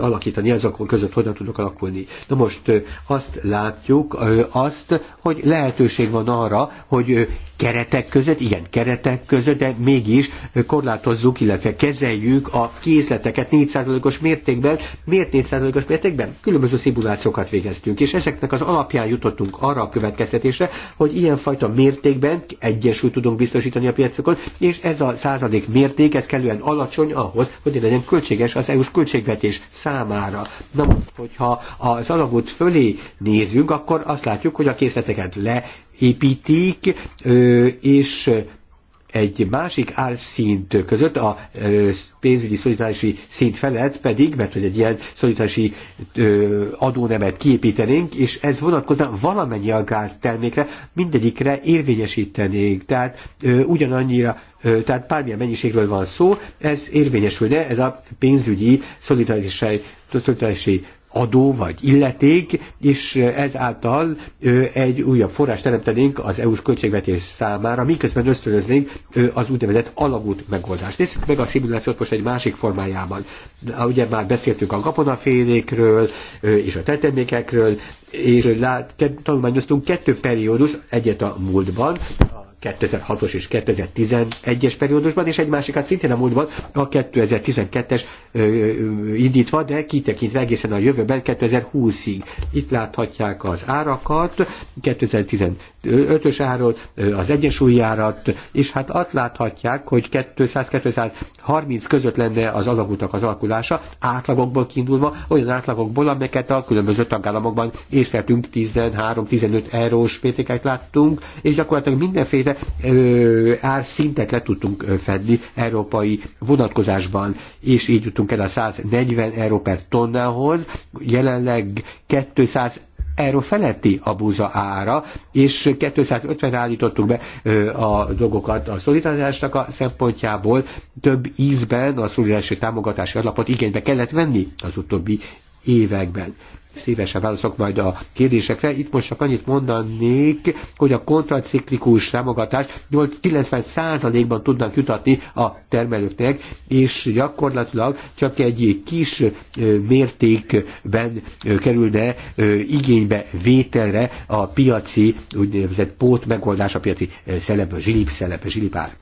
alakítani, akkor között hogyan tudok alakulni. Na most azt látjuk, azt, hogy lehetőség van arra, hogy keretek között, igen, keretek között, de mégis korlátozzuk, illetve kezeljük a készleteket 4%-os mértékben. Miért 4%-os mértékben? Különböző szimulációkat végeztünk, és ezeknek az alapján jutottunk arra a következtetésre, hogy ilyenfajta mértékben egyesült tudunk biztosítani a piacokon, és ez a századék mérték, ez kellően alacsony ahhoz, hogy legyen költséges az EU uniós költségvetés számára. Na most, hogyha az alagút fölé nézünk, akkor azt látjuk, hogy a készleteket leépítik, és egy másik álszint között, a pénzügyi szolidaritási szint felett pedig, mert hogy egy ilyen szolidaritási adónemet kiépítenénk, és ez vonatkozna valamennyi agrártermékre, mindegyikre érvényesítenénk. Tehát ugyanannyira tehát bármilyen mennyiségről van szó, ez érvényesülne, ez a pénzügyi szolidaritási adó vagy illeték, és ezáltal egy újabb forrás teremtenénk az EU-s költségvetés számára, miközben ösztönöznénk az úgynevezett alagút megoldást. Nézzük meg a szimulációt most egy másik formájában. Ugye már beszéltünk a gabonafélékről és a tetemékekről és lát, tanulmányoztunk kettő periódus, egyet a múltban, a 2006-os és 2011-es periódusban, és egy másikat szintén a múltban a 2012-es indítva, de kitekintve egészen a jövőben 2020-ig. Itt láthatják az árakat, 2015-ös árat, az egyensúlyi árat, és hát azt láthatják, hogy 200-230 között lenne az alagútak az alakulása, átlagokból kiindulva, olyan átlagokból, amelyeket a különböző tagállamokban észleltünk, 13-15 eurós mértéket láttunk, és gyakorlatilag mindenféle árszintet le tudtunk fedni európai vonatkozásban, és így jutunk el a 140 euró per tonnához, jelenleg 200 euró feletti a búza ára, és 250 állítottuk be a dolgokat a szolidaritásnak a szempontjából. Több ízben a szolidaritási támogatási alapot igénybe kellett venni az utóbbi években szívesen válaszok majd a kérdésekre. Itt most csak annyit mondanék, hogy a kontraciklikus támogatás 90%-ban tudnak jutatni a termelőknek, és gyakorlatilag csak egy kis mértékben kerülne igénybe vételre a piaci, úgynevezett pót megoldás, a piaci szelep, zsilip szelep, zsilipár.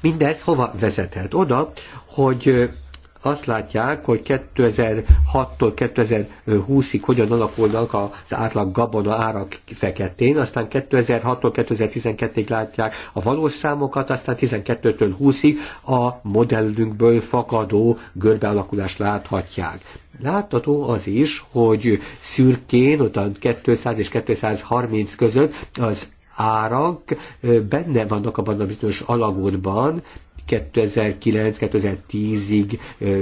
Mindez hova vezethet? Oda, hogy azt látják, hogy 2006-tól 2020-ig hogyan alakulnak az átlag gabona árak feketén, aztán 2006-tól 2012-ig látják a valós számokat, aztán 12-től 20-ig a modellünkből fakadó görbealakulást láthatják. Látható az is, hogy szürkén, oda 200 és 230 között az árak benne vannak abban a bizonyos alagútban, 2009-2010-ig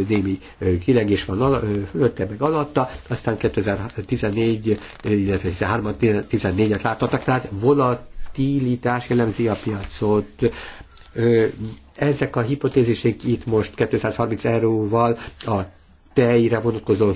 némi kilengés van fölötte meg alatta, aztán 2014, illetve 2013-14-et láthatnak, tehát volatilitás jellemzi a piacot. Ezek a hipotézisek itt most 230 euróval a tejre vonatkozó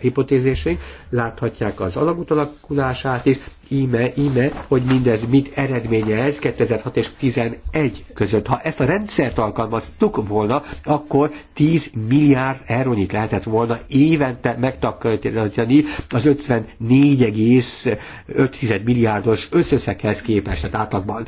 hipotézésünk, láthatják az alagút alakulását is, íme, íme, hogy mindez mit eredményez 2006 és 2011 között. Ha ezt a rendszert alkalmaztuk volna, akkor 10 milliárd eurónyit lehetett volna évente megtakarítani az 54,5 milliárdos összösszeghez képest, tehát átlagban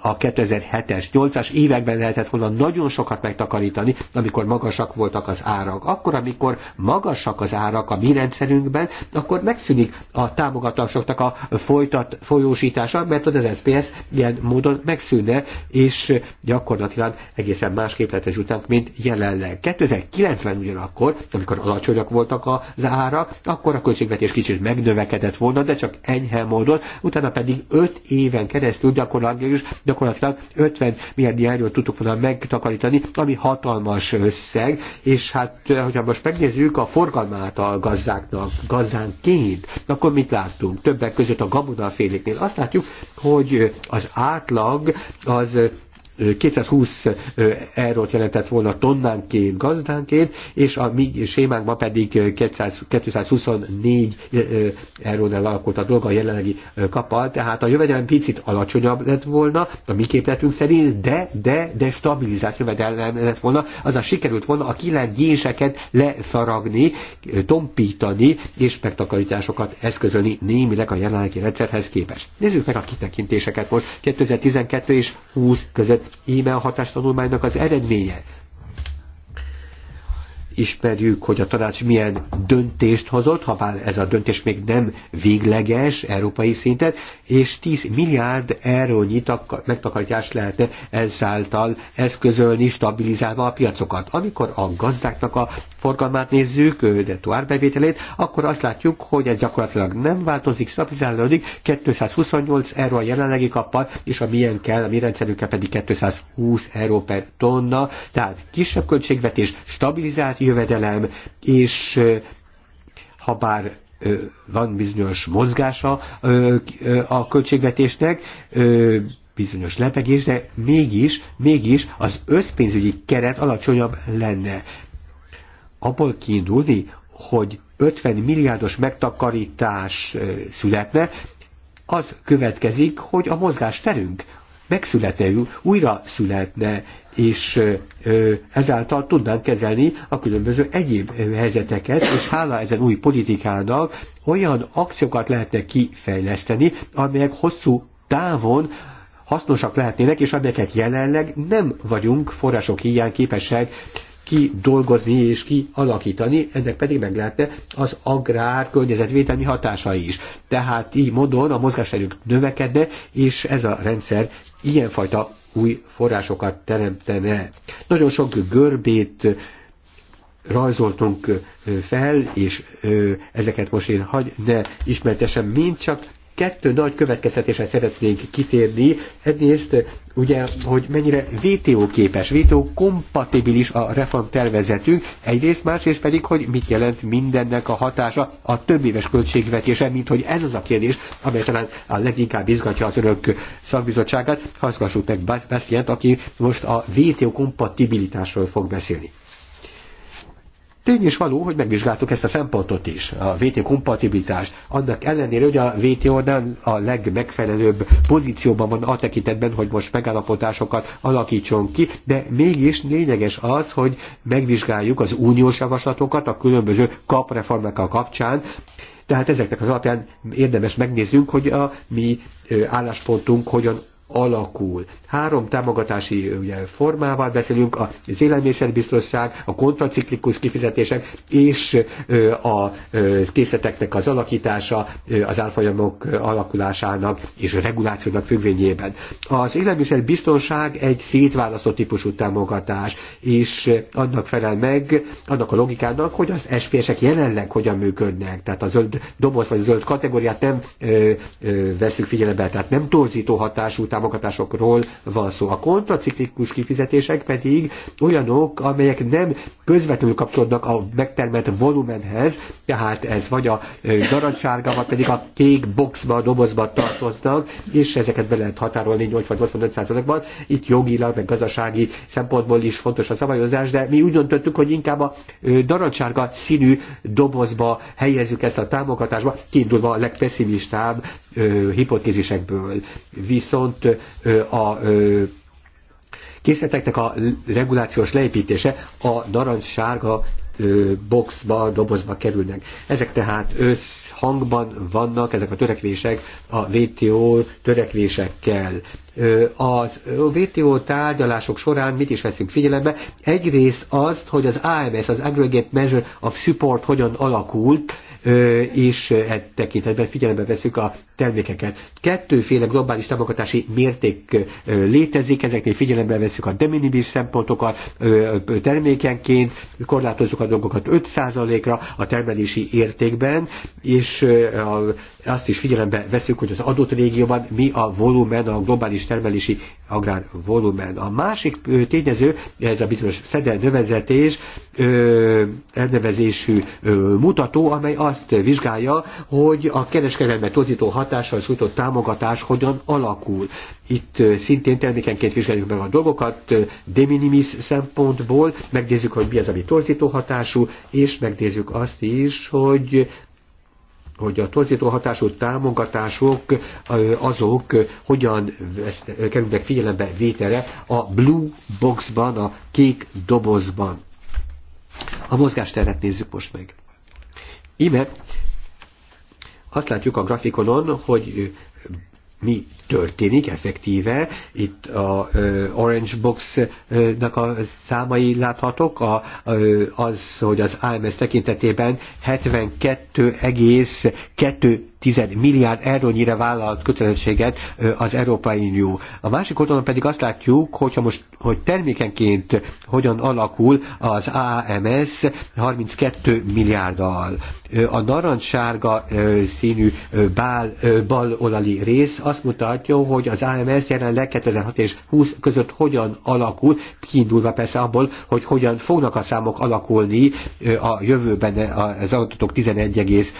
a 2007-es, 8-as években lehetett volna nagyon sokat megtakarítani, amikor magasak voltak az árak. Akkor, amikor magasak az árak a mi rendszerünkben, akkor megszűnik a támogatásoknak a for folytat, folyósítása, mert az SPS ilyen módon megszűnne, és gyakorlatilag egészen más képletes után, mint jelenleg. 2090 ugyanakkor, amikor alacsonyak voltak az árak, akkor a költségvetés kicsit megnövekedett volna, de csak enyhe módon, utána pedig 5 éven keresztül gyakorlatilag, is, gyakorlatilag 50 milliárd járjót tudtuk volna megtakarítani, ami hatalmas összeg, és hát, hogyha most megnézzük a forgalmát a gazdáknak gazdánként, akkor mit láttunk? Többek között a gabon odaféléknél. Azt látjuk, hogy az átlag az 220 eurót jelentett volna tonnánként, gazdánként, és a mi sémánkban pedig 200, 224 eurónál alakult a dolga a jelenlegi kapal, tehát a jövedelem picit alacsonyabb lett volna, a mi képletünk szerint, de, de, de stabilizált jövedelem lett volna, azaz sikerült volna a kilengéseket lefaragni, tompítani, és megtakarításokat eszközölni némileg a jelenlegi rendszerhez képest. Nézzük meg a kitekintéseket most 2012 és 20 között éme a hatástanulmánynak az eredménye ismerjük, hogy a tanács milyen döntést hozott, ha bár ez a döntés még nem végleges európai szinten, és 10 milliárd eurónyi megtakarítást lehetne ezáltal eszközölni, stabilizálva a piacokat. Amikor a gazdáknak a forgalmát nézzük, de toárbevételét, akkor azt látjuk, hogy ez gyakorlatilag nem változik, stabilizálódik, 228 euró a jelenlegi kappal, és a milyen kell, a mi rendszerünkkel pedig 220 euró per tonna, tehát kisebb költségvetés, stabilizált jövedelem, és ha bár van bizonyos mozgása a költségvetésnek, bizonyos lepegés, de mégis, mégis az összpénzügyi keret alacsonyabb lenne. Abból kiindulni, hogy 50 milliárdos megtakarítás születne, az következik, hogy a mozgásterünk megszületne, újra születne, és ezáltal tudnánk kezelni a különböző egyéb helyzeteket, és hála ezen új politikának olyan akciókat lehetne kifejleszteni, amelyek hosszú távon hasznosak lehetnének, és amelyeket jelenleg nem vagyunk források hiány képesek kidolgozni és kialakítani, ennek pedig meg lehetne az agrár környezetvédelmi hatása is. Tehát így módon a mozgáserők növekedne, és ez a rendszer ilyenfajta új forrásokat teremtene. Nagyon sok görbét rajzoltunk fel, és ezeket most én hagy ne ismertesen, mind csak kettő nagy következtetésre szeretnénk kitérni. Egyrészt ugye, hogy mennyire VTO képes, VTO kompatibilis a reformtervezetünk, egyrészt másrészt pedig, hogy mit jelent mindennek a hatása a több éves költségvetése, mint hogy ez az a kérdés, amely talán a leginkább izgatja az örök szakbizottságát. Hallgassuk meg Bastient, aki most a VTO kompatibilitásról fog beszélni. Tény is való, hogy megvizsgáltuk ezt a szempontot is, a VT kompatibilitást, annak ellenére, hogy a VT nem a legmegfelelőbb pozícióban van a tekintetben, hogy most megállapotásokat alakítson ki, de mégis lényeges az, hogy megvizsgáljuk az uniós javaslatokat a különböző kapreformákkal kapcsán, tehát ezeknek az alapján érdemes megnézzünk, hogy a mi álláspontunk hogyan alakul. Három támogatási ugye, formával beszélünk, az élelmiszerbiztonság, a kontraciklikus kifizetések és a készleteknek az alakítása az árfolyamok alakulásának és a regulációnak függvényében. Az élelmiszerbiztonság egy szétválasztott típusú támogatás, és annak felel meg, annak a logikának, hogy az SPS-ek jelenleg hogyan működnek, tehát a zöld doboz vagy a zöld kategóriát nem veszük figyelembe, tehát nem torzító hatású támogatás, támogatásokról van szó. A kontraciklikus kifizetések pedig olyanok, amelyek nem közvetlenül kapcsolódnak a megtermelt volumenhez, tehát ez vagy a narancssárga, vagy pedig a kék boxba, a dobozba tartoznak, és ezeket be lehet határolni 80-85%-ban. Itt jogilag, meg gazdasági szempontból is fontos a szabályozás, de mi úgy döntöttük, hogy inkább a darancsárga színű dobozba helyezzük ezt a támogatásba, kiindulva a legpesszimistább hipotézisekből. Viszont a készleteknek a regulációs leépítése a narancssárga boxba, dobozba kerülnek. Ezek tehát összhangban vannak, ezek a törekvések a WTO törekvésekkel. Az WTO tárgyalások során mit is veszünk figyelembe? Egyrészt azt, hogy az AMS, az Aggregate Measure of Support hogyan alakult, és e tekintetben figyelembe veszük a termékeket. Kettőféle globális támogatási mérték létezik, ezeknél figyelembe veszük a de minimis szempontokat termékenként, korlátozzuk a dolgokat 5%-ra a termelési értékben, és azt is figyelembe veszük, hogy az adott régióban mi a volumen, a globális termelési agrár volumen. A másik tényező, ez a bizonyos szedel növezetés, elnevezésű mutató, amely azt vizsgálja, hogy a kereskedelmet torzító hat és sújtott támogatás hogyan alakul. Itt szintén termékenként vizsgáljuk meg a dolgokat, de minimis szempontból, megnézzük, hogy mi az, ami torzító hatású, és megnézzük azt is, hogy hogy a torzító hatású támogatások azok hogyan kerülnek figyelembe vétele a blue boxban, a kék dobozban. A mozgásteret nézzük most meg. Ime azt látjuk a grafikonon, hogy mi történik effektíve. Itt a Orange Box-nak a számai láthatók, a, az, hogy az AMS tekintetében 72,2 milliárd eurónyira vállalt kötelezettséget az Európai Unió. A másik oldalon pedig azt látjuk, hogyha most, hogy termékenként hogyan alakul az AMS 32 milliárddal. A narancssárga színű bál, olali rész azt mutat mutatja, hogy az AMS jelenleg 2006 és 20 között hogyan alakul, kiindulva persze abból, hogy hogyan fognak a számok alakulni a jövőben az adatok 11, ig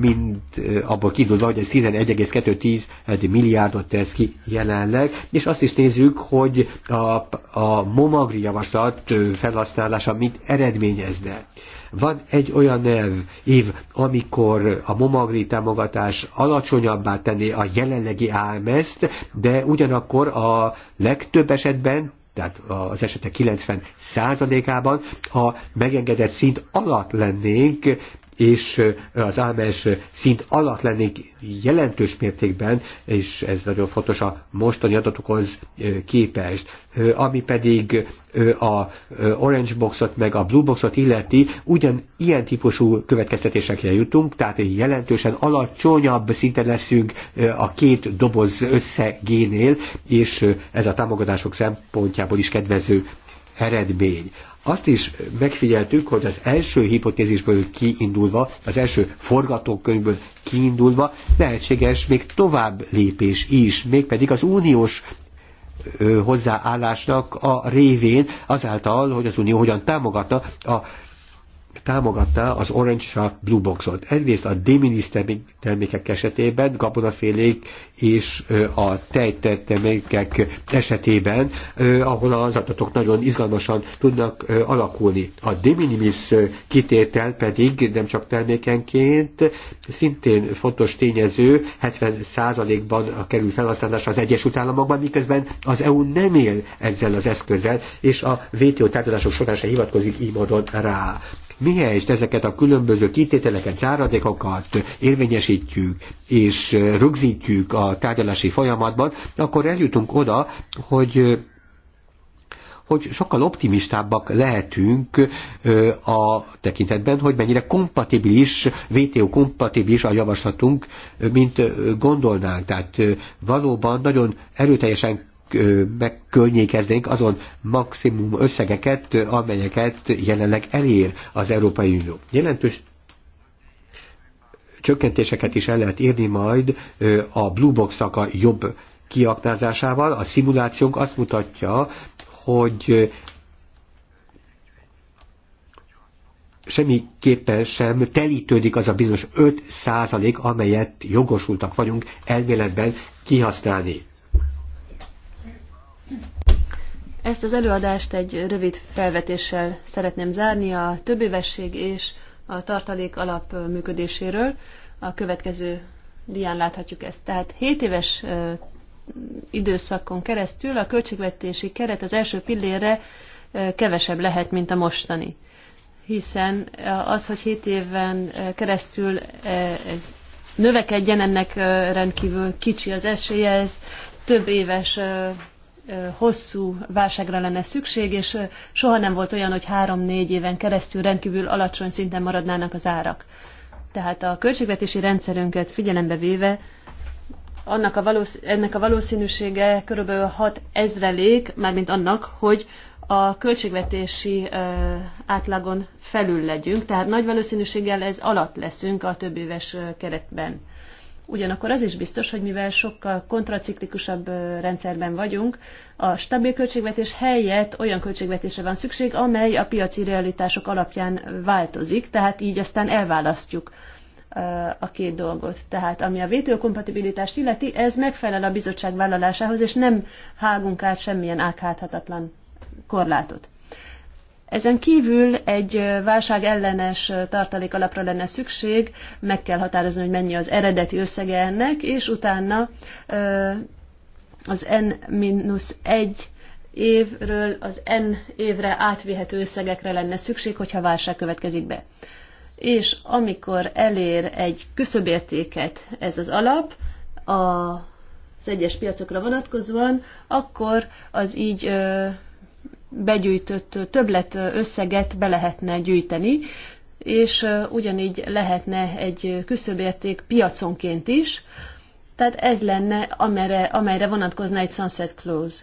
mint abból kiindulva, hogy ez 11,2 milliárdot tesz ki jelenleg, és azt is nézzük, hogy a, a momagri javaslat felhasználása mit eredményezne. Van egy olyan nyelv, év, amikor a momagri támogatás alacsonyabbá tenné a jelenlegi álmezt, de ugyanakkor a legtöbb esetben tehát az esetek 90 ában a megengedett szint alatt lennénk, és az AMS szint alatt lennénk jelentős mértékben, és ez nagyon fontos a mostani adatokhoz képest. Ami pedig a Orange Boxot meg a Blue Boxot illeti, ugyan ilyen típusú következtetésekre jutunk, tehát jelentősen alacsonyabb szinten leszünk a két doboz összegénél, és ez a támogatások szempontjából is kedvező eredmény. Azt is megfigyeltük, hogy az első hipotézisből kiindulva, az első forgatókönyvből kiindulva lehetséges még tovább lépés is, mégpedig az uniós hozzáállásnak a révén, azáltal, hogy az Unió hogyan támogatna a támogatná az Orange Shark Blue Boxot. Egyrészt a diminis termékek esetében, gabonafélék és a tejtett termékek esetében, ahol az adatok nagyon izgalmasan tudnak alakulni. A diminimis kitétel pedig nem csak termékenként, szintén fontos tényező, 70%-ban kerül felhasználásra az Egyesült Államokban, miközben az EU nem él ezzel az eszközzel, és a WTO tárgyalások során se hivatkozik így módon rá mihelyest ezeket a különböző kitételeket, záradékokat érvényesítjük és rögzítjük a tárgyalási folyamatban, akkor eljutunk oda, hogy hogy sokkal optimistábbak lehetünk a tekintetben, hogy mennyire kompatibilis, VTO kompatibilis a javaslatunk, mint gondolnánk. Tehát valóban nagyon erőteljesen megkörnyékeznénk azon maximum összegeket, amelyeket jelenleg elér az Európai Unió. Jelentős csökkentéseket is el lehet érni majd a Blue box a jobb kiaknázásával. A szimulációnk azt mutatja, hogy semmiképpen sem telítődik az a bizonyos 5 százalék, amelyet jogosultak vagyunk elméletben kihasználni. Ezt az előadást egy rövid felvetéssel szeretném zárni a többévesség és a tartalék alap működéséről. A következő dián láthatjuk ezt. Tehát 7 éves időszakon keresztül a költségvetési keret az első pillérre kevesebb lehet, mint a mostani. Hiszen az, hogy 7 éven keresztül ez növekedjen, ennek rendkívül kicsi az esélye, ez több éves hosszú válságra lenne szükség, és soha nem volt olyan, hogy három-négy éven keresztül rendkívül alacsony szinten maradnának az árak. Tehát a költségvetési rendszerünket figyelembe véve annak a valósz, ennek a valószínűsége kb. 6 ezrelék, mármint annak, hogy a költségvetési ö, átlagon felül legyünk, tehát nagy valószínűséggel ez alatt leszünk a több éves keretben. Ugyanakkor az is biztos, hogy mivel sokkal kontraciklikusabb rendszerben vagyunk, a stabil költségvetés helyett olyan költségvetésre van szükség, amely a piaci realitások alapján változik, tehát így aztán elválasztjuk a két dolgot. Tehát ami a VTO-kompatibilitást illeti, ez megfelel a bizottság vállalásához, és nem hágunk át semmilyen ágháthatatlan korlátot. Ezen kívül egy válság ellenes tartalék alapra lenne szükség, meg kell határozni, hogy mennyi az eredeti összege ennek, és utána az N-1 évről az N évre átvihető összegekre lenne szükség, hogyha válság következik be. És amikor elér egy küszöbértéket ez az alap, a az egyes piacokra vonatkozóan, akkor az így begyűjtött többlet összeget be lehetne gyűjteni, és ugyanígy lehetne egy küszöbérték piaconként is, tehát ez lenne, amelyre, amelyre vonatkozna egy sunset close.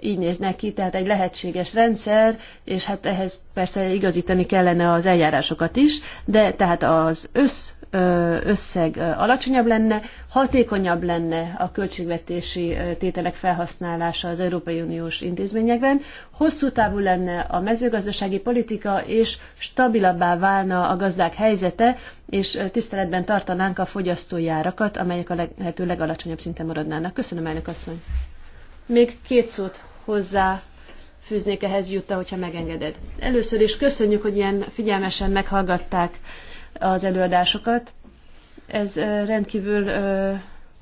Így néznek ki, tehát egy lehetséges rendszer, és hát ehhez persze igazítani kellene az eljárásokat is, de tehát az össz összeg alacsonyabb lenne, hatékonyabb lenne a költségvetési tételek felhasználása az Európai Uniós intézményekben, hosszú távú lenne a mezőgazdasági politika, és stabilabbá válna a gazdák helyzete, és tiszteletben tartanánk a fogyasztói árakat, amelyek a lehető legalacsonyabb szinten maradnának. Köszönöm, elnök asszony! Még két szót hozzá fűznék ehhez Jutta, hogyha megengeded. Először is köszönjük, hogy ilyen figyelmesen meghallgatták az előadásokat. Ez rendkívül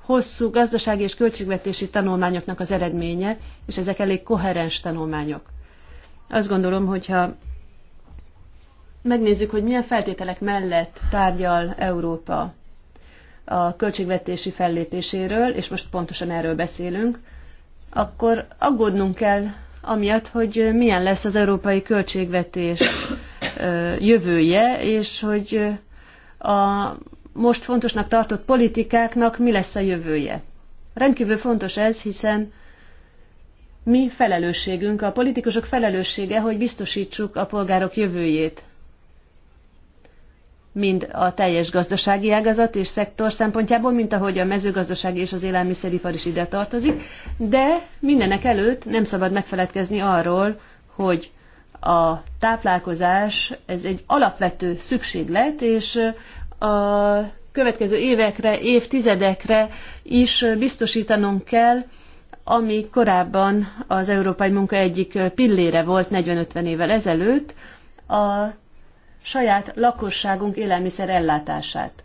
hosszú gazdasági és költségvetési tanulmányoknak az eredménye, és ezek elég koherens tanulmányok. Azt gondolom, hogyha megnézzük, hogy milyen feltételek mellett tárgyal Európa a költségvetési fellépéséről, és most pontosan erről beszélünk, akkor aggódnunk kell amiatt, hogy milyen lesz az európai költségvetés jövője, és hogy a most fontosnak tartott politikáknak mi lesz a jövője. Rendkívül fontos ez, hiszen mi felelősségünk, a politikusok felelőssége, hogy biztosítsuk a polgárok jövőjét. Mind a teljes gazdasági ágazat és szektor szempontjából, mint ahogy a mezőgazdaság és az élelmiszeripar is ide tartozik, de mindenek előtt nem szabad megfeledkezni arról, hogy a táplálkozás, ez egy alapvető szükséglet, és a következő évekre, évtizedekre is biztosítanunk kell, ami korábban az európai munka egyik pillére volt 40-50 évvel ezelőtt, a saját lakosságunk élelmiszer ellátását.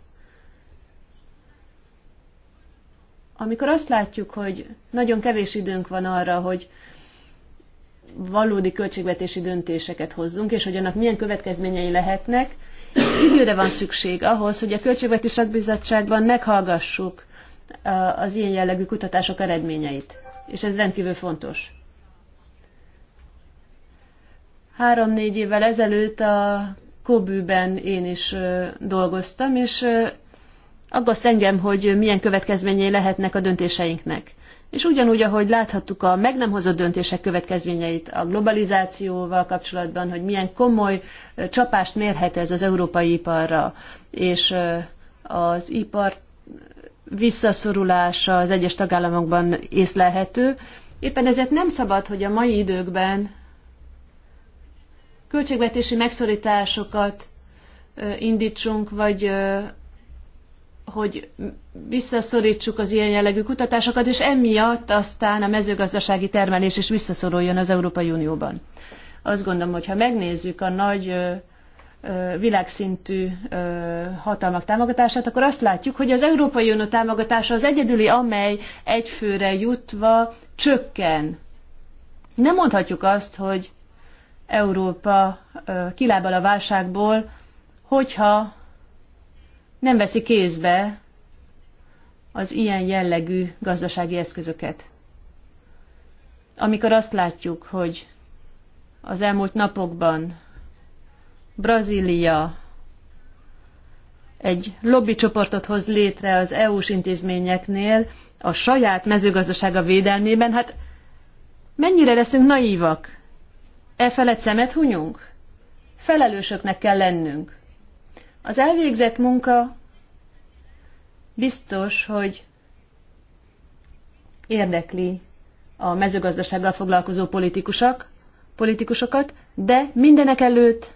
Amikor azt látjuk, hogy nagyon kevés időnk van arra, hogy valódi költségvetési döntéseket hozzunk, és hogy annak milyen következményei lehetnek. Időre van szükség ahhoz, hogy a Költségvetési Szakbizottságban meghallgassuk az ilyen jellegű kutatások eredményeit. És ez rendkívül fontos. Három-négy évvel ezelőtt a Kobűben én is dolgoztam, és aggaszt engem, hogy milyen következményei lehetnek a döntéseinknek. És ugyanúgy, ahogy láthattuk a meg nem hozott döntések következményeit a globalizációval kapcsolatban, hogy milyen komoly csapást mérhet ez az európai iparra, és az ipar visszaszorulása az egyes tagállamokban észlelhető. Éppen ezért nem szabad, hogy a mai időkben költségvetési megszorításokat indítsunk, vagy hogy visszaszorítsuk az ilyen jellegű kutatásokat, és emiatt aztán a mezőgazdasági termelés is visszaszoruljon az Európai Unióban. Azt gondolom, hogy ha megnézzük a nagy világszintű hatalmak támogatását, akkor azt látjuk, hogy az Európai Unió támogatása az egyedüli, amely egyfőre jutva csökken. Nem mondhatjuk azt, hogy Európa kilábal a válságból, hogyha nem veszi kézbe az ilyen jellegű gazdasági eszközöket. Amikor azt látjuk, hogy az elmúlt napokban Brazília egy lobbycsoportot hoz létre az EU-s intézményeknél a saját mezőgazdasága védelmében, hát mennyire leszünk naívak? E felett szemet hunyunk? Felelősöknek kell lennünk. Az elvégzett munka biztos, hogy érdekli a mezőgazdasággal foglalkozó politikusok, politikusokat, de mindenek előtt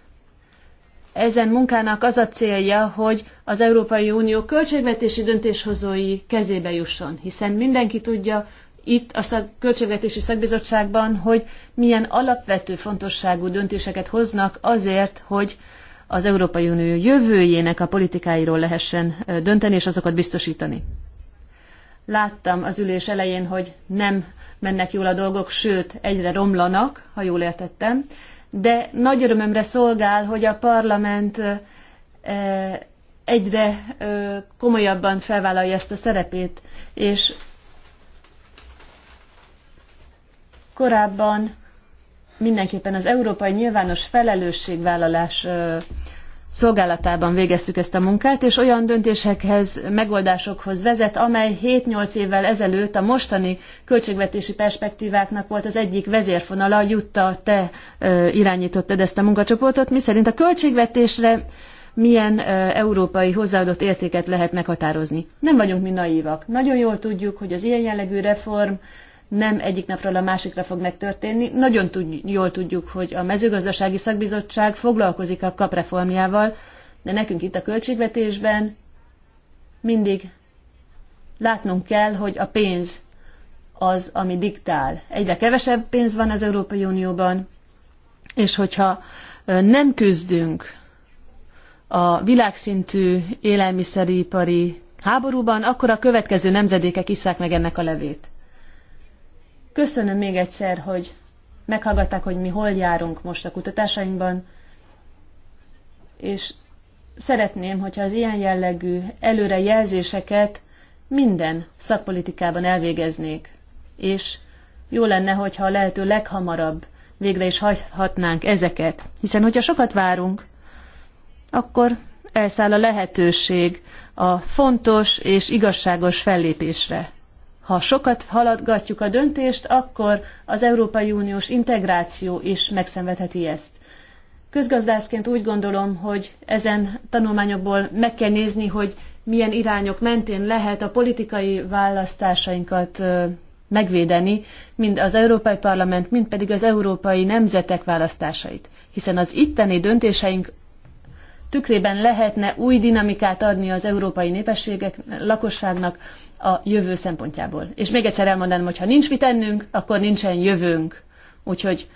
ezen munkának az a célja, hogy az Európai Unió költségvetési döntéshozói kezébe jusson, hiszen mindenki tudja itt a szak, költségvetési szakbizottságban, hogy milyen alapvető fontosságú döntéseket hoznak azért, hogy az Európai Unió jövőjének a politikáiról lehessen dönteni, és azokat biztosítani. Láttam az ülés elején, hogy nem mennek jól a dolgok, sőt, egyre romlanak, ha jól értettem, de nagy örömömre szolgál, hogy a parlament egyre komolyabban felvállalja ezt a szerepét, és korábban mindenképpen az európai nyilvános felelősségvállalás szolgálatában végeztük ezt a munkát, és olyan döntésekhez, megoldásokhoz vezet, amely 7-8 évvel ezelőtt a mostani költségvetési perspektíváknak volt az egyik vezérfonala, Jutta, te irányítottad ezt a munkacsoportot, miszerint a költségvetésre milyen európai hozzáadott értéket lehet meghatározni. Nem vagyunk mi naívak. Nagyon jól tudjuk, hogy az ilyen jellegű reform nem egyik napról a másikra fog megtörténni. Nagyon tud, jól tudjuk, hogy a mezőgazdasági szakbizottság foglalkozik a kapreformjával, de nekünk itt a költségvetésben mindig látnunk kell, hogy a pénz az, ami diktál. Egyre kevesebb pénz van az Európai Unióban, és hogyha nem küzdünk a világszintű élelmiszeripari háborúban, akkor a következő nemzedékek isszák meg ennek a levét. Köszönöm még egyszer, hogy meghallgatták, hogy mi hol járunk most a kutatásainkban, és szeretném, hogyha az ilyen jellegű előrejelzéseket minden szakpolitikában elvégeznék, és jó lenne, hogyha a lehető leghamarabb végre is hagyhatnánk ezeket. Hiszen, hogyha sokat várunk, akkor elszáll a lehetőség a fontos és igazságos fellépésre. Ha sokat haladgatjuk a döntést, akkor az Európai Uniós integráció is megszenvedheti ezt. Közgazdászként úgy gondolom, hogy ezen tanulmányokból meg kell nézni, hogy milyen irányok mentén lehet a politikai választásainkat megvédeni, mind az Európai Parlament, mind pedig az európai nemzetek választásait. Hiszen az itteni döntéseink tükrében lehetne új dinamikát adni az európai népességek, lakosságnak a jövő szempontjából. És még egyszer elmondanám, hogy ha nincs mit ennünk, akkor nincsen jövőnk. Úgyhogy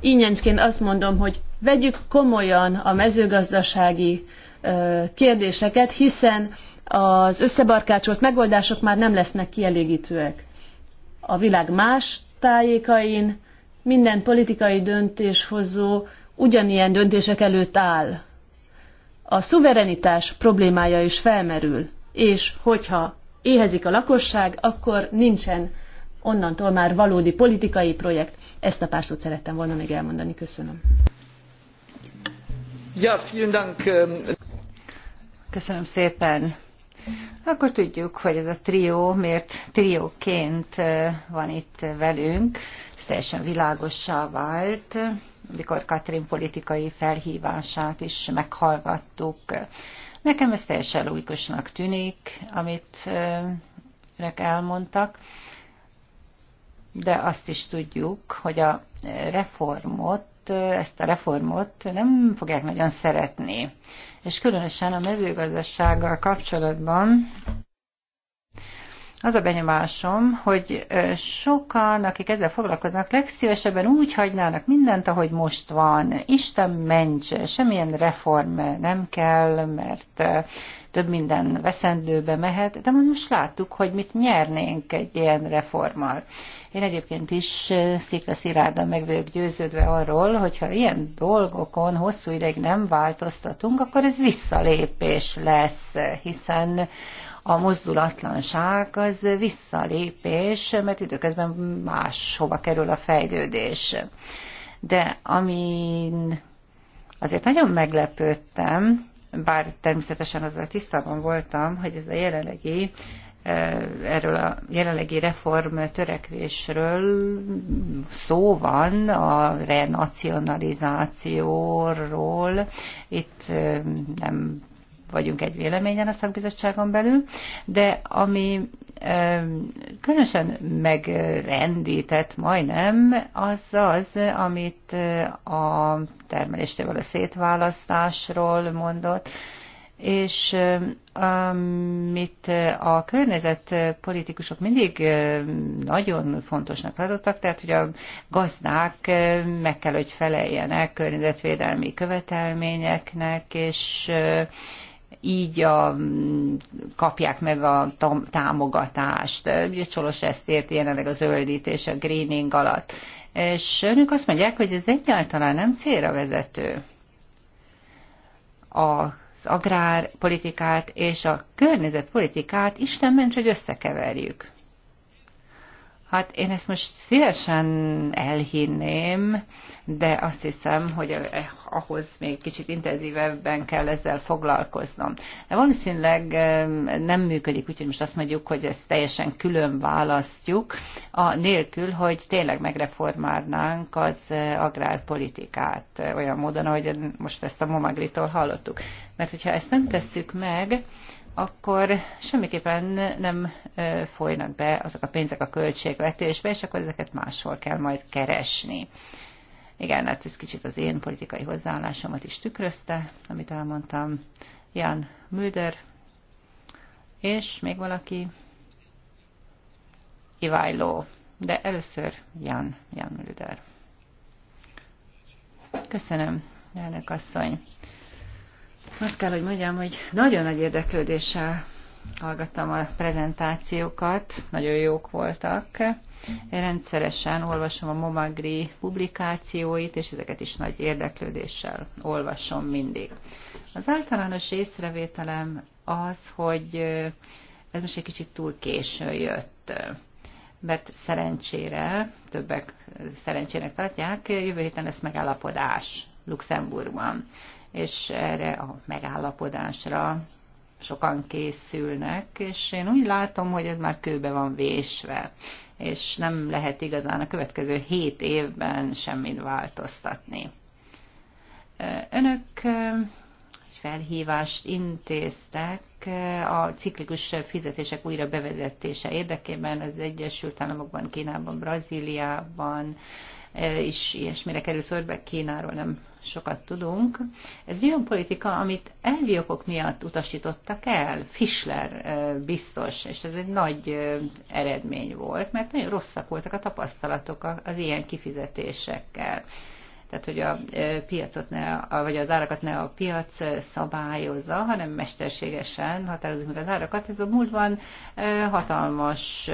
ingyencként azt mondom, hogy vegyük komolyan a mezőgazdasági kérdéseket, hiszen az összebarkácsolt megoldások már nem lesznek kielégítőek. A világ más, tájékain minden politikai döntéshozó ugyanilyen döntések előtt áll. A szuverenitás problémája is felmerül, és hogyha éhezik a lakosság, akkor nincsen onnantól már valódi politikai projekt. Ezt a pár szót szerettem volna még elmondani. Köszönöm. Ja, vielen Dank. Ähm, Köszönöm szépen. Akkor tudjuk, hogy ez a trió miért trióként van itt velünk. Ez teljesen világossá vált, mikor Katrin politikai felhívását is meghallgattuk. Nekem ez teljesen logikusnak tűnik, amit önök elmondtak, de azt is tudjuk, hogy a reformot, ezt a reformot nem fogják nagyon szeretni és különösen a mezőgazdasággal kapcsolatban az a benyomásom, hogy sokan, akik ezzel foglalkoznak, legszívesebben úgy hagynának mindent, ahogy most van. Isten ments, semmilyen reform nem kell, mert több minden veszendőbe mehet, de most láttuk, hogy mit nyernénk egy ilyen reformmal. Én egyébként is szikra szirárdan meg vagyok győződve arról, hogyha ilyen dolgokon hosszú ideig nem változtatunk, akkor ez visszalépés lesz, hiszen a mozdulatlanság az visszalépés, mert időközben máshova kerül a fejlődés. De amin azért nagyon meglepődtem, bár természetesen azzal tisztában voltam, hogy ez a jelenlegi erről a jelenlegi reform törekvésről szó van, a renacionalizációról. Itt nem vagyunk egy véleményen a szakbizottságon belül, de ami különösen megrendített majdnem, az az, amit a termeléstől a szétválasztásról mondott, és amit a környezetpolitikusok mindig nagyon fontosnak adottak, tehát hogy a gazdák meg kell, hogy feleljenek környezetvédelmi követelményeknek, és így a, kapják meg a támogatást. Ugye Csolos ezt ért jelenleg a zöldítés a greening alatt. És önök azt mondják, hogy ez egyáltalán nem célra vezető. A agrárpolitikát és a környezetpolitikát Isten ments, hogy összekeverjük. Hát én ezt most szívesen elhinném, de azt hiszem, hogy eh, ahhoz még kicsit intenzívebben kell ezzel foglalkoznom. Valószínűleg nem működik, úgyhogy most azt mondjuk, hogy ezt teljesen külön választjuk, a nélkül, hogy tényleg megreformálnánk az agrárpolitikát olyan módon, ahogy most ezt a Momagritól hallottuk. Mert hogyha ezt nem tesszük meg, akkor semmiképpen nem folynak be azok a pénzek a költségvetésbe, és akkor ezeket máshol kell majd keresni. Igen, hát ez kicsit az én politikai hozzáállásomat is tükrözte, amit elmondtam. Jan Müller és még valaki, Iváló, de először Jan, Jan Müller. Köszönöm, elnök asszony. Azt kell, hogy mondjam, hogy nagyon nagy érdeklődéssel hallgattam a prezentációkat, nagyon jók voltak. Én rendszeresen olvasom a Momagri publikációit, és ezeket is nagy érdeklődéssel olvasom mindig. Az általános észrevételem az, hogy ez most egy kicsit túl késő jött, mert szerencsére, többek szerencsének tartják, jövő héten lesz megállapodás Luxemburgban és erre a megállapodásra sokan készülnek, és én úgy látom, hogy ez már kőbe van vésve, és nem lehet igazán a következő hét évben semmit változtatni. Önök felhívást intéztek a ciklikus fizetések újra bevezetése érdekében az Egyesült Államokban, Kínában, Brazíliában is ilyesmire kerül szorba, Kínáról nem sokat tudunk. Ez egy olyan politika, amit elvi okok miatt utasítottak el, Fischler biztos, és ez egy nagy eredmény volt, mert nagyon rosszak voltak a tapasztalatok az ilyen kifizetésekkel tehát hogy a piacot ne, vagy az árakat ne a piac szabályozza, hanem mesterségesen határozunk meg az árakat. Ez a múltban hatalmas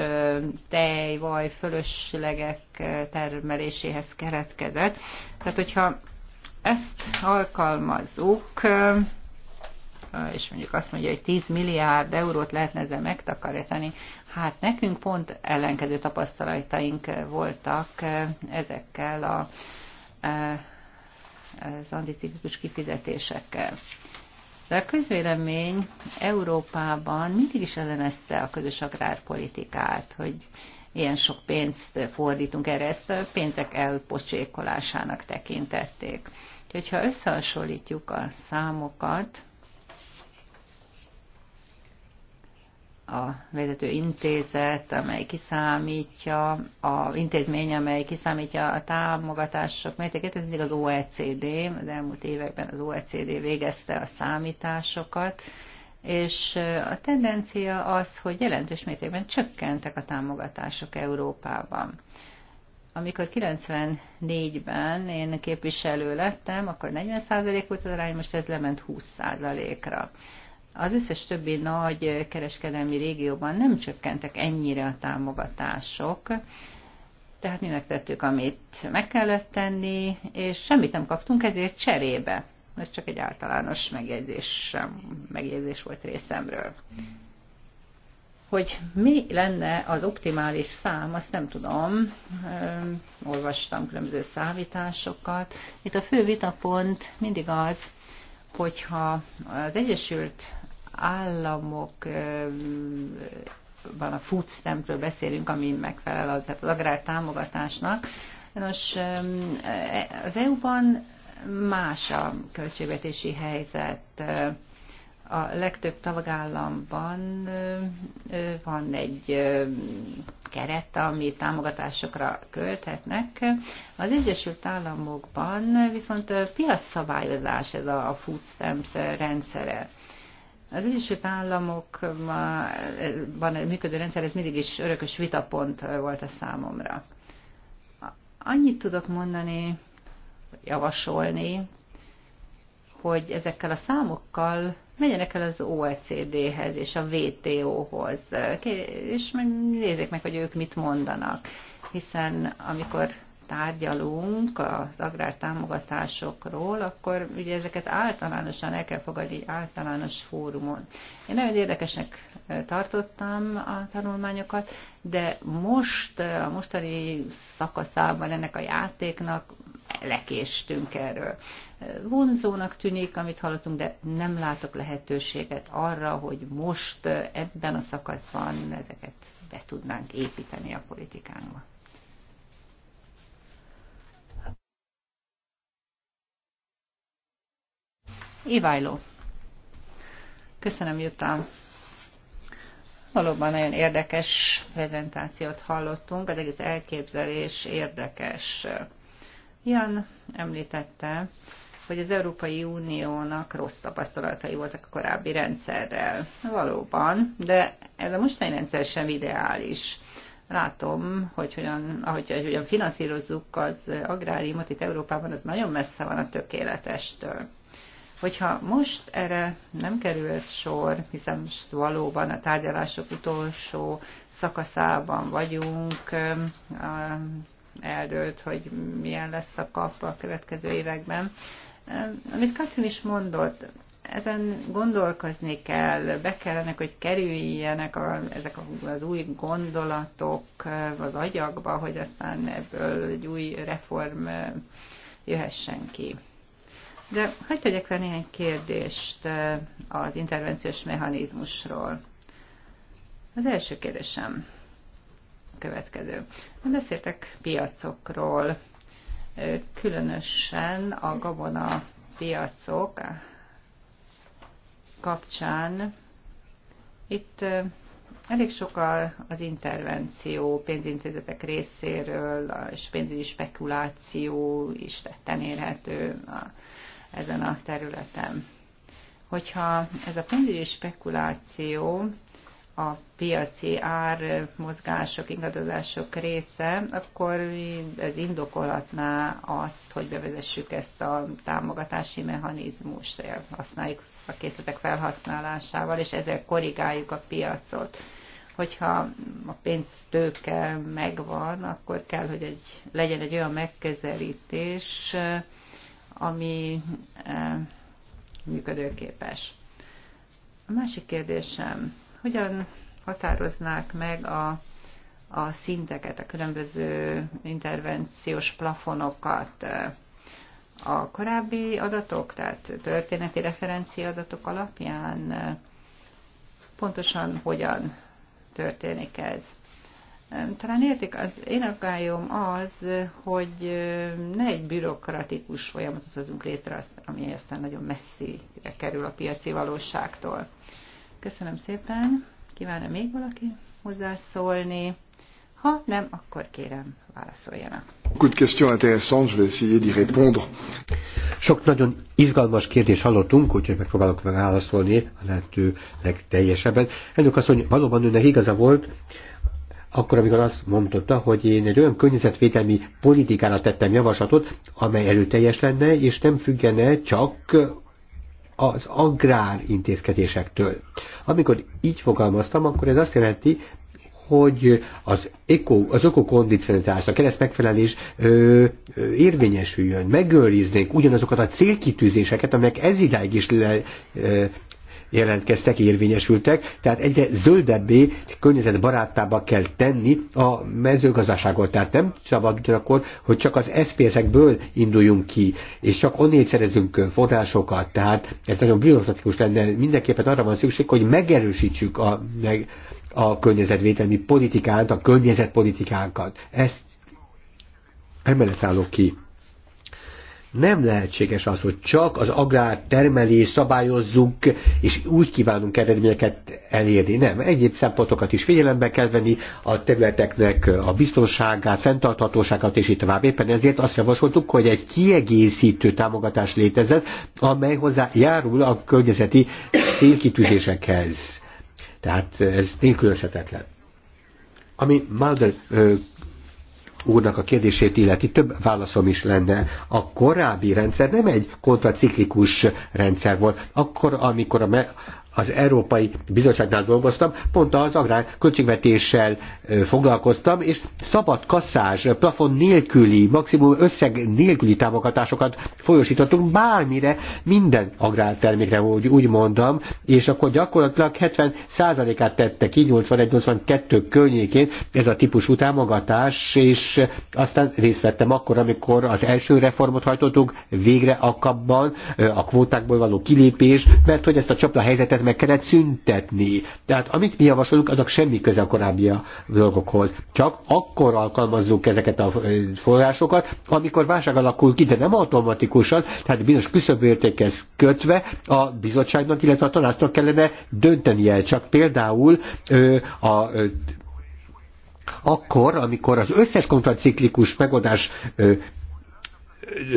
tej, vaj, fölöslegek termeléséhez keretkezett. Tehát, hogyha ezt alkalmazzuk, és mondjuk azt mondja, hogy 10 milliárd eurót lehetne ezzel megtakarítani, hát nekünk pont ellenkező tapasztalataink voltak ezekkel a, az anticiklikus kifizetésekkel. De a közvélemény Európában mindig is ellenezte a közös agrárpolitikát, hogy ilyen sok pénzt fordítunk erre, ezt a pénzek elpocsékolásának tekintették. Úgyhogy ha összehasonlítjuk a számokat, a vezető intézet, amely kiszámítja, a intézmény, amely kiszámítja a támogatások mértékét, ez mindig az OECD, az elmúlt években az OECD végezte a számításokat, és a tendencia az, hogy jelentős mértékben csökkentek a támogatások Európában. Amikor 94-ben én képviselő lettem, akkor 40% volt az arány, most ez lement 20%-ra. Az összes többi nagy kereskedelmi régióban nem csökkentek ennyire a támogatások, tehát mi megtettük, amit meg kellett tenni, és semmit nem kaptunk ezért cserébe. Ez csak egy általános megjegyzés, megjegyzés volt részemről. Hogy mi lenne az optimális szám, azt nem tudom. Olvastam különböző számításokat. Itt a fő vitapont mindig az, hogyha az Egyesült Államok van a food stampről beszélünk, ami megfelel az, tehát az agrár támogatásnak. Nos, e, az EU-ban más a költségvetési helyzet. A legtöbb tagállamban van egy keret, ami támogatásokra költhetnek. Az Egyesült Államokban viszont piacszabályozás ez a food stamps rendszere. Az Egyesült Államokban működő rendszer, ez mindig is örökös vitapont volt a számomra. Annyit tudok mondani, javasolni, hogy ezekkel a számokkal menjenek el az OECD-hez és a WTO-hoz, és nézzék meg, hogy ők mit mondanak. Hiszen amikor tárgyalunk az agrártámogatásokról, akkor ugye ezeket általánosan el kell fogadni egy általános fórumon. Én nagyon érdekesnek tartottam a tanulmányokat, de most, a mostani szakaszában ennek a játéknak lekéstünk erről. Vonzónak tűnik, amit hallottunk, de nem látok lehetőséget arra, hogy most ebben a szakaszban ezeket be tudnánk építeni a politikánkba. Iváló. Köszönöm, Jutám. Valóban nagyon érdekes prezentációt hallottunk, az egész elképzelés érdekes. Jan említette, hogy az Európai Uniónak rossz tapasztalatai voltak a korábbi rendszerrel. Valóban, de ez a mostani rendszer sem ideális. Látom, hogy hogyan, ahogy, hogy hogyan finanszírozzuk az agráriumot itt Európában, az nagyon messze van a tökéletestől. Hogyha most erre nem került sor, hiszen most valóban a tárgyalások utolsó szakaszában vagyunk, eldőlt, hogy milyen lesz a kap a következő években. Amit Katrin is mondott, ezen gondolkozni kell, be kellene, hogy kerüljenek a, ezek az új gondolatok az agyakba, hogy aztán ebből egy új reform jöhessen ki. De hagyd tegyek fel néhány kérdést az intervenciós mechanizmusról. Az első kérdésem következő. Beszéltek piacokról, különösen a gabona piacok kapcsán. Itt elég sok az intervenció pénzintézetek részéről, és pénzügyi spekuláció is tetten érhető ezen a területen. Hogyha ez a pénzügyi spekuláció a piaci ár mozgások, ingadozások része, akkor ez indokolatná azt, hogy bevezessük ezt a támogatási mechanizmust, használjuk a készletek felhasználásával, és ezzel korrigáljuk a piacot. Hogyha a pénztőke megvan, akkor kell, hogy egy, legyen egy olyan megkezelítés, ami eh, működőképes. A másik kérdésem, hogyan határoznák meg a, a szinteket, a különböző intervenciós plafonokat a korábbi adatok, tehát történeti referencia adatok alapján pontosan hogyan történik ez. Talán értik, az én aggályom az, hogy ne egy bürokratikus folyamatot hozunk létre, ami aztán nagyon messzire kerül a piaci valóságtól. Köszönöm szépen. Kívánna még valaki hozzászólni? Ha nem, akkor kérem, válaszoljanak. Sok nagyon izgalmas kérdés hallottunk, úgyhogy megpróbálok válaszolni a lehető legteljesebben. Ennek azt, mondja, valóban önnek igaza volt, akkor, amikor azt mondta, hogy én egy olyan környezetvédelmi politikára tettem javaslatot, amely előteljes lenne, és nem függene csak az agrár intézkedésektől. Amikor így fogalmaztam, akkor ez azt jelenti, hogy az, eko, az ökokondicionitás, a kereszt megfelelés ö, ö, érvényesüljön, megőriznék ugyanazokat a célkitűzéseket, amelyek ez idáig is le, ö, jelentkeztek, érvényesültek, tehát egyre zöldebbé, környezetbaráttába kell tenni a mezőgazdaságot. Tehát nem szabad ugyanakkor, hogy csak az SPS-ekből induljunk ki, és csak onnét szerezünk forrásokat. Tehát ez nagyon bürokratikus lenne. Mindenképpen arra van szükség, hogy megerősítsük a, meg, a környezetvédelmi politikánkat, a környezetpolitikánkat. Ezt emellett állok ki nem lehetséges az, hogy csak az agrártermelés szabályozzunk, és úgy kívánunk eredményeket elérni. Nem, egyéb szempontokat is figyelembe kell venni, a területeknek a biztonságát, fenntarthatóságát, és így tovább. Éppen ezért azt javasoltuk, hogy egy kiegészítő támogatás létezett, amely hozzá járul a környezeti célkitűzésekhez. Tehát ez nélkülözhetetlen. Ami Mulder úrnak a kérdését illeti, több válaszom is lenne. A korábbi rendszer nem egy kontraciklikus rendszer volt. Akkor, amikor a, me- az Európai Bizottságnál dolgoztam, pont az agrár költségvetéssel foglalkoztam, és szabad kasszás, plafon nélküli, maximum összeg nélküli támogatásokat folyosítottunk bármire, minden agrártermékre, úgy, úgy mondom, és akkor gyakorlatilag 70%-át tette ki 81-82 környékén ez a típusú támogatás, és aztán részt vettem akkor, amikor az első reformot hajtottuk végre a kapban, a kvótákból való kilépés, mert hogy ezt a csapda helyzetet ezeket meg kellett szüntetni. Tehát amit mi javasolunk, annak semmi köze a korábbi dolgokhoz. Csak akkor alkalmazzuk ezeket a forrásokat, amikor válság alakul ki, de nem automatikusan, tehát bizonyos küszöbértékhez kötve a bizottságnak, illetve a tanácsnak kellene döntenie. Csak például ö, a ö, akkor, amikor az összes kontraciklikus megoldás ö,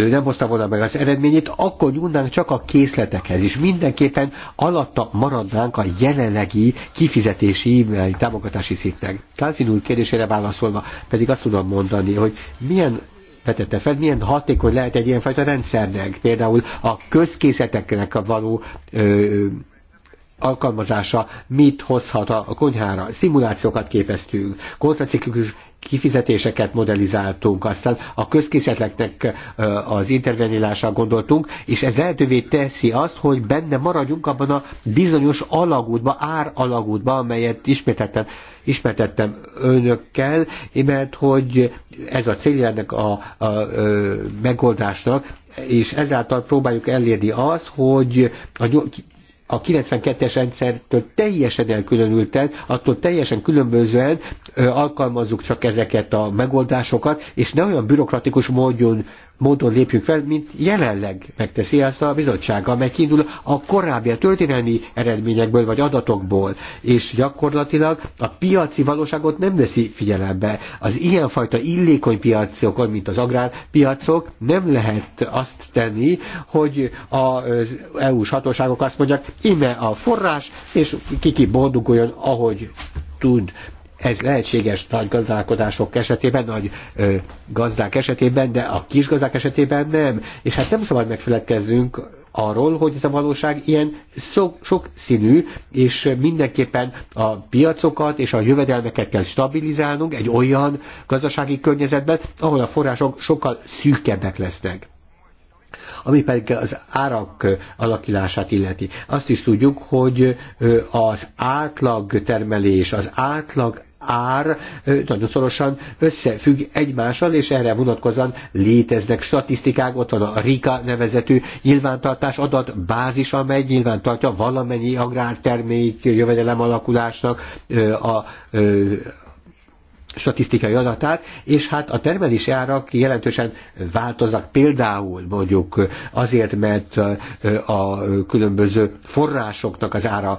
nem hozta volna meg az eredményét, akkor nyúlnánk csak a készletekhez, és mindenképpen alatta maradnánk a jelenlegi kifizetési eh, támogatási szintnek. Kálfin úr kérdésére válaszolva pedig azt tudom mondani, hogy milyen vetette fel, milyen hatékony lehet egy ilyenfajta rendszernek, például a közkészleteknek a való ö, alkalmazása mit hozhat a konyhára. Szimulációkat képeztünk, kontraciklikus kifizetéseket modellizáltunk, aztán a közkészleteknek az intervenílással gondoltunk, és ez lehetővé teszi azt, hogy benne maradjunk abban a bizonyos alagútban, ár alagútba, amelyet ismertettem, ismertettem önökkel, mert hogy ez a célja ennek a, a, a megoldásnak, és ezáltal próbáljuk elérni azt, hogy a a 92-es rendszertől teljesen elkülönülten, attól teljesen különbözően ö, alkalmazzuk csak ezeket a megoldásokat, és ne olyan bürokratikus módon módon lépjünk fel, mint jelenleg megteszi ezt a bizottság, amely kiindul a korábbi a történelmi eredményekből vagy adatokból, és gyakorlatilag a piaci valóságot nem veszi figyelembe. Az ilyenfajta illékony piacokon, mint az agrárpiacok, nem lehet azt tenni, hogy az EU-s hatóságok azt mondják, ime a forrás, és kiki boldoguljon, ahogy tud. Ez lehetséges nagy gazdálkodások esetében, nagy ö, gazdák esetében, de a kis gazdák esetében nem. És hát nem szabad megfeledkeznünk arról, hogy ez a valóság ilyen sok, sok színű, és mindenképpen a piacokat és a jövedelmeket kell stabilizálnunk egy olyan gazdasági környezetben, ahol a források sokkal szűkebbek lesznek ami pedig az árak alakulását illeti. Azt is tudjuk, hogy az átlag termelés, az átlag ár nagyon szorosan összefügg egymással, és erre vonatkozóan léteznek statisztikák, ott van a RIKA nevezetű nyilvántartás adat, bázis, amely nyilvántartja valamennyi agrártermék jövedelem alakulásnak a statisztikai adatát, és hát a termelési árak jelentősen változnak, például mondjuk azért, mert a különböző forrásoknak az ára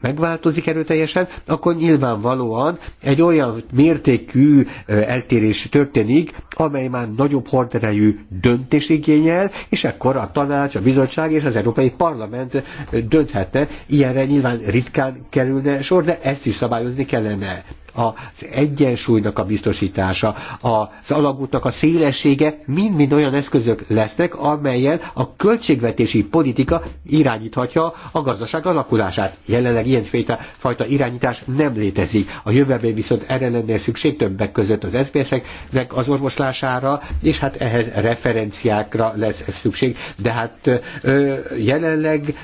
megváltozik erőteljesen, akkor nyilvánvalóan egy olyan mértékű eltérés történik, amely már nagyobb horderejű döntés igényel, és ekkor a tanács, a bizottság és az Európai Parlament dönthetne. Ilyenre nyilván ritkán kerülne sor, de ezt is szabályozni kellene az egyensúlynak a biztosítása, az alagútnak a szélessége mind-mind olyan eszközök lesznek, amelyen a költségvetési politika irányíthatja a gazdaság alakulását. Jelenleg ilyen fajta irányítás nem létezik. A jövőben viszont erre lenne szükség többek között az SBS-eknek az orvoslására, és hát ehhez referenciákra lesz szükség. De hát jelenleg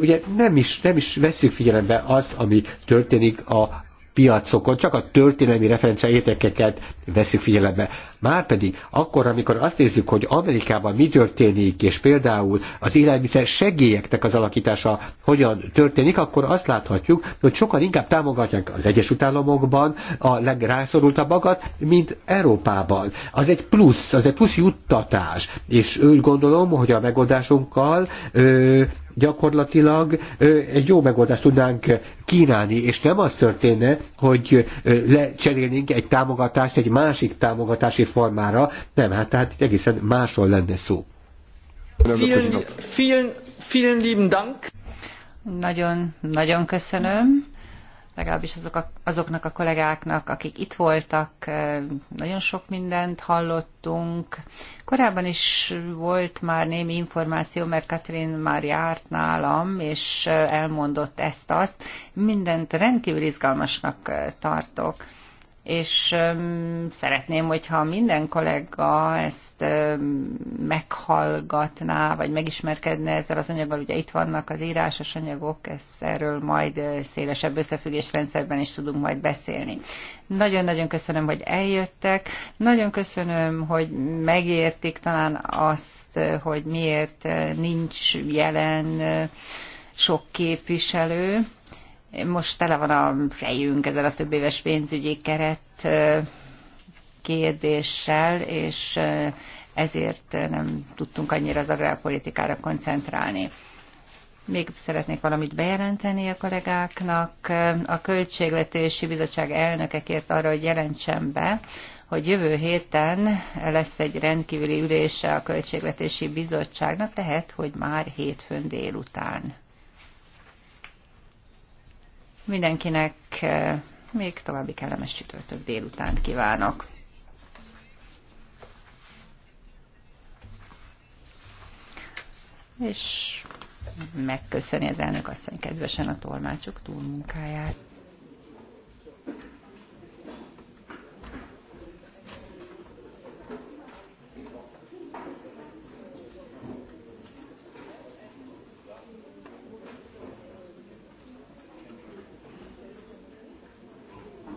ugye nem is, nem is veszük figyelembe azt, ami történik a piacokon csak a történelmi referencia értékeket veszük figyelembe. Márpedig akkor, amikor azt nézzük, hogy Amerikában mi történik, és például az élelmiszer segélyeknek az alakítása hogyan történik, akkor azt láthatjuk, hogy sokan inkább támogatják az Egyesült Államokban a legrászorultabbakat, mint Európában. Az egy plusz, az egy plusz juttatás, és úgy gondolom, hogy a megoldásunkkal ö, gyakorlatilag egy jó megoldást tudnánk kínálni, és nem az történne, hogy lecserélnénk egy támogatást egy másik támogatási formára, nem, hát tehát itt egészen másról lenne szó. Vielen, vielen, vielen lieben Dank. Nagyon, nagyon köszönöm legalábbis azok a, azoknak a kollégáknak, akik itt voltak, nagyon sok mindent hallottunk. Korábban is volt már némi információ, mert Katrin már járt nálam, és elmondott ezt-azt. Mindent rendkívül izgalmasnak tartok és szeretném, hogyha minden kollega ezt meghallgatná, vagy megismerkedne ezzel az anyaggal. Ugye itt vannak az írásos anyagok, ezt erről majd szélesebb összefüggésrendszerben is tudunk majd beszélni. Nagyon-nagyon köszönöm, hogy eljöttek. Nagyon köszönöm, hogy megértik talán azt, hogy miért nincs jelen sok képviselő. Most tele van a fejünk ezzel a több éves pénzügyi keret kérdéssel, és ezért nem tudtunk annyira az agrárpolitikára koncentrálni. Még szeretnék valamit bejelenteni a kollégáknak. A Költségvetési Bizottság elnöke kért arra, hogy jelentsem be, hogy jövő héten lesz egy rendkívüli ülése a Költségvetési Bizottságnak, tehát hogy már hétfőn délután. Mindenkinek eh, még további kellemes csütörtök délután kívánok. És megköszöni az elnök asszony kedvesen a tolmácsok túlmunkáját.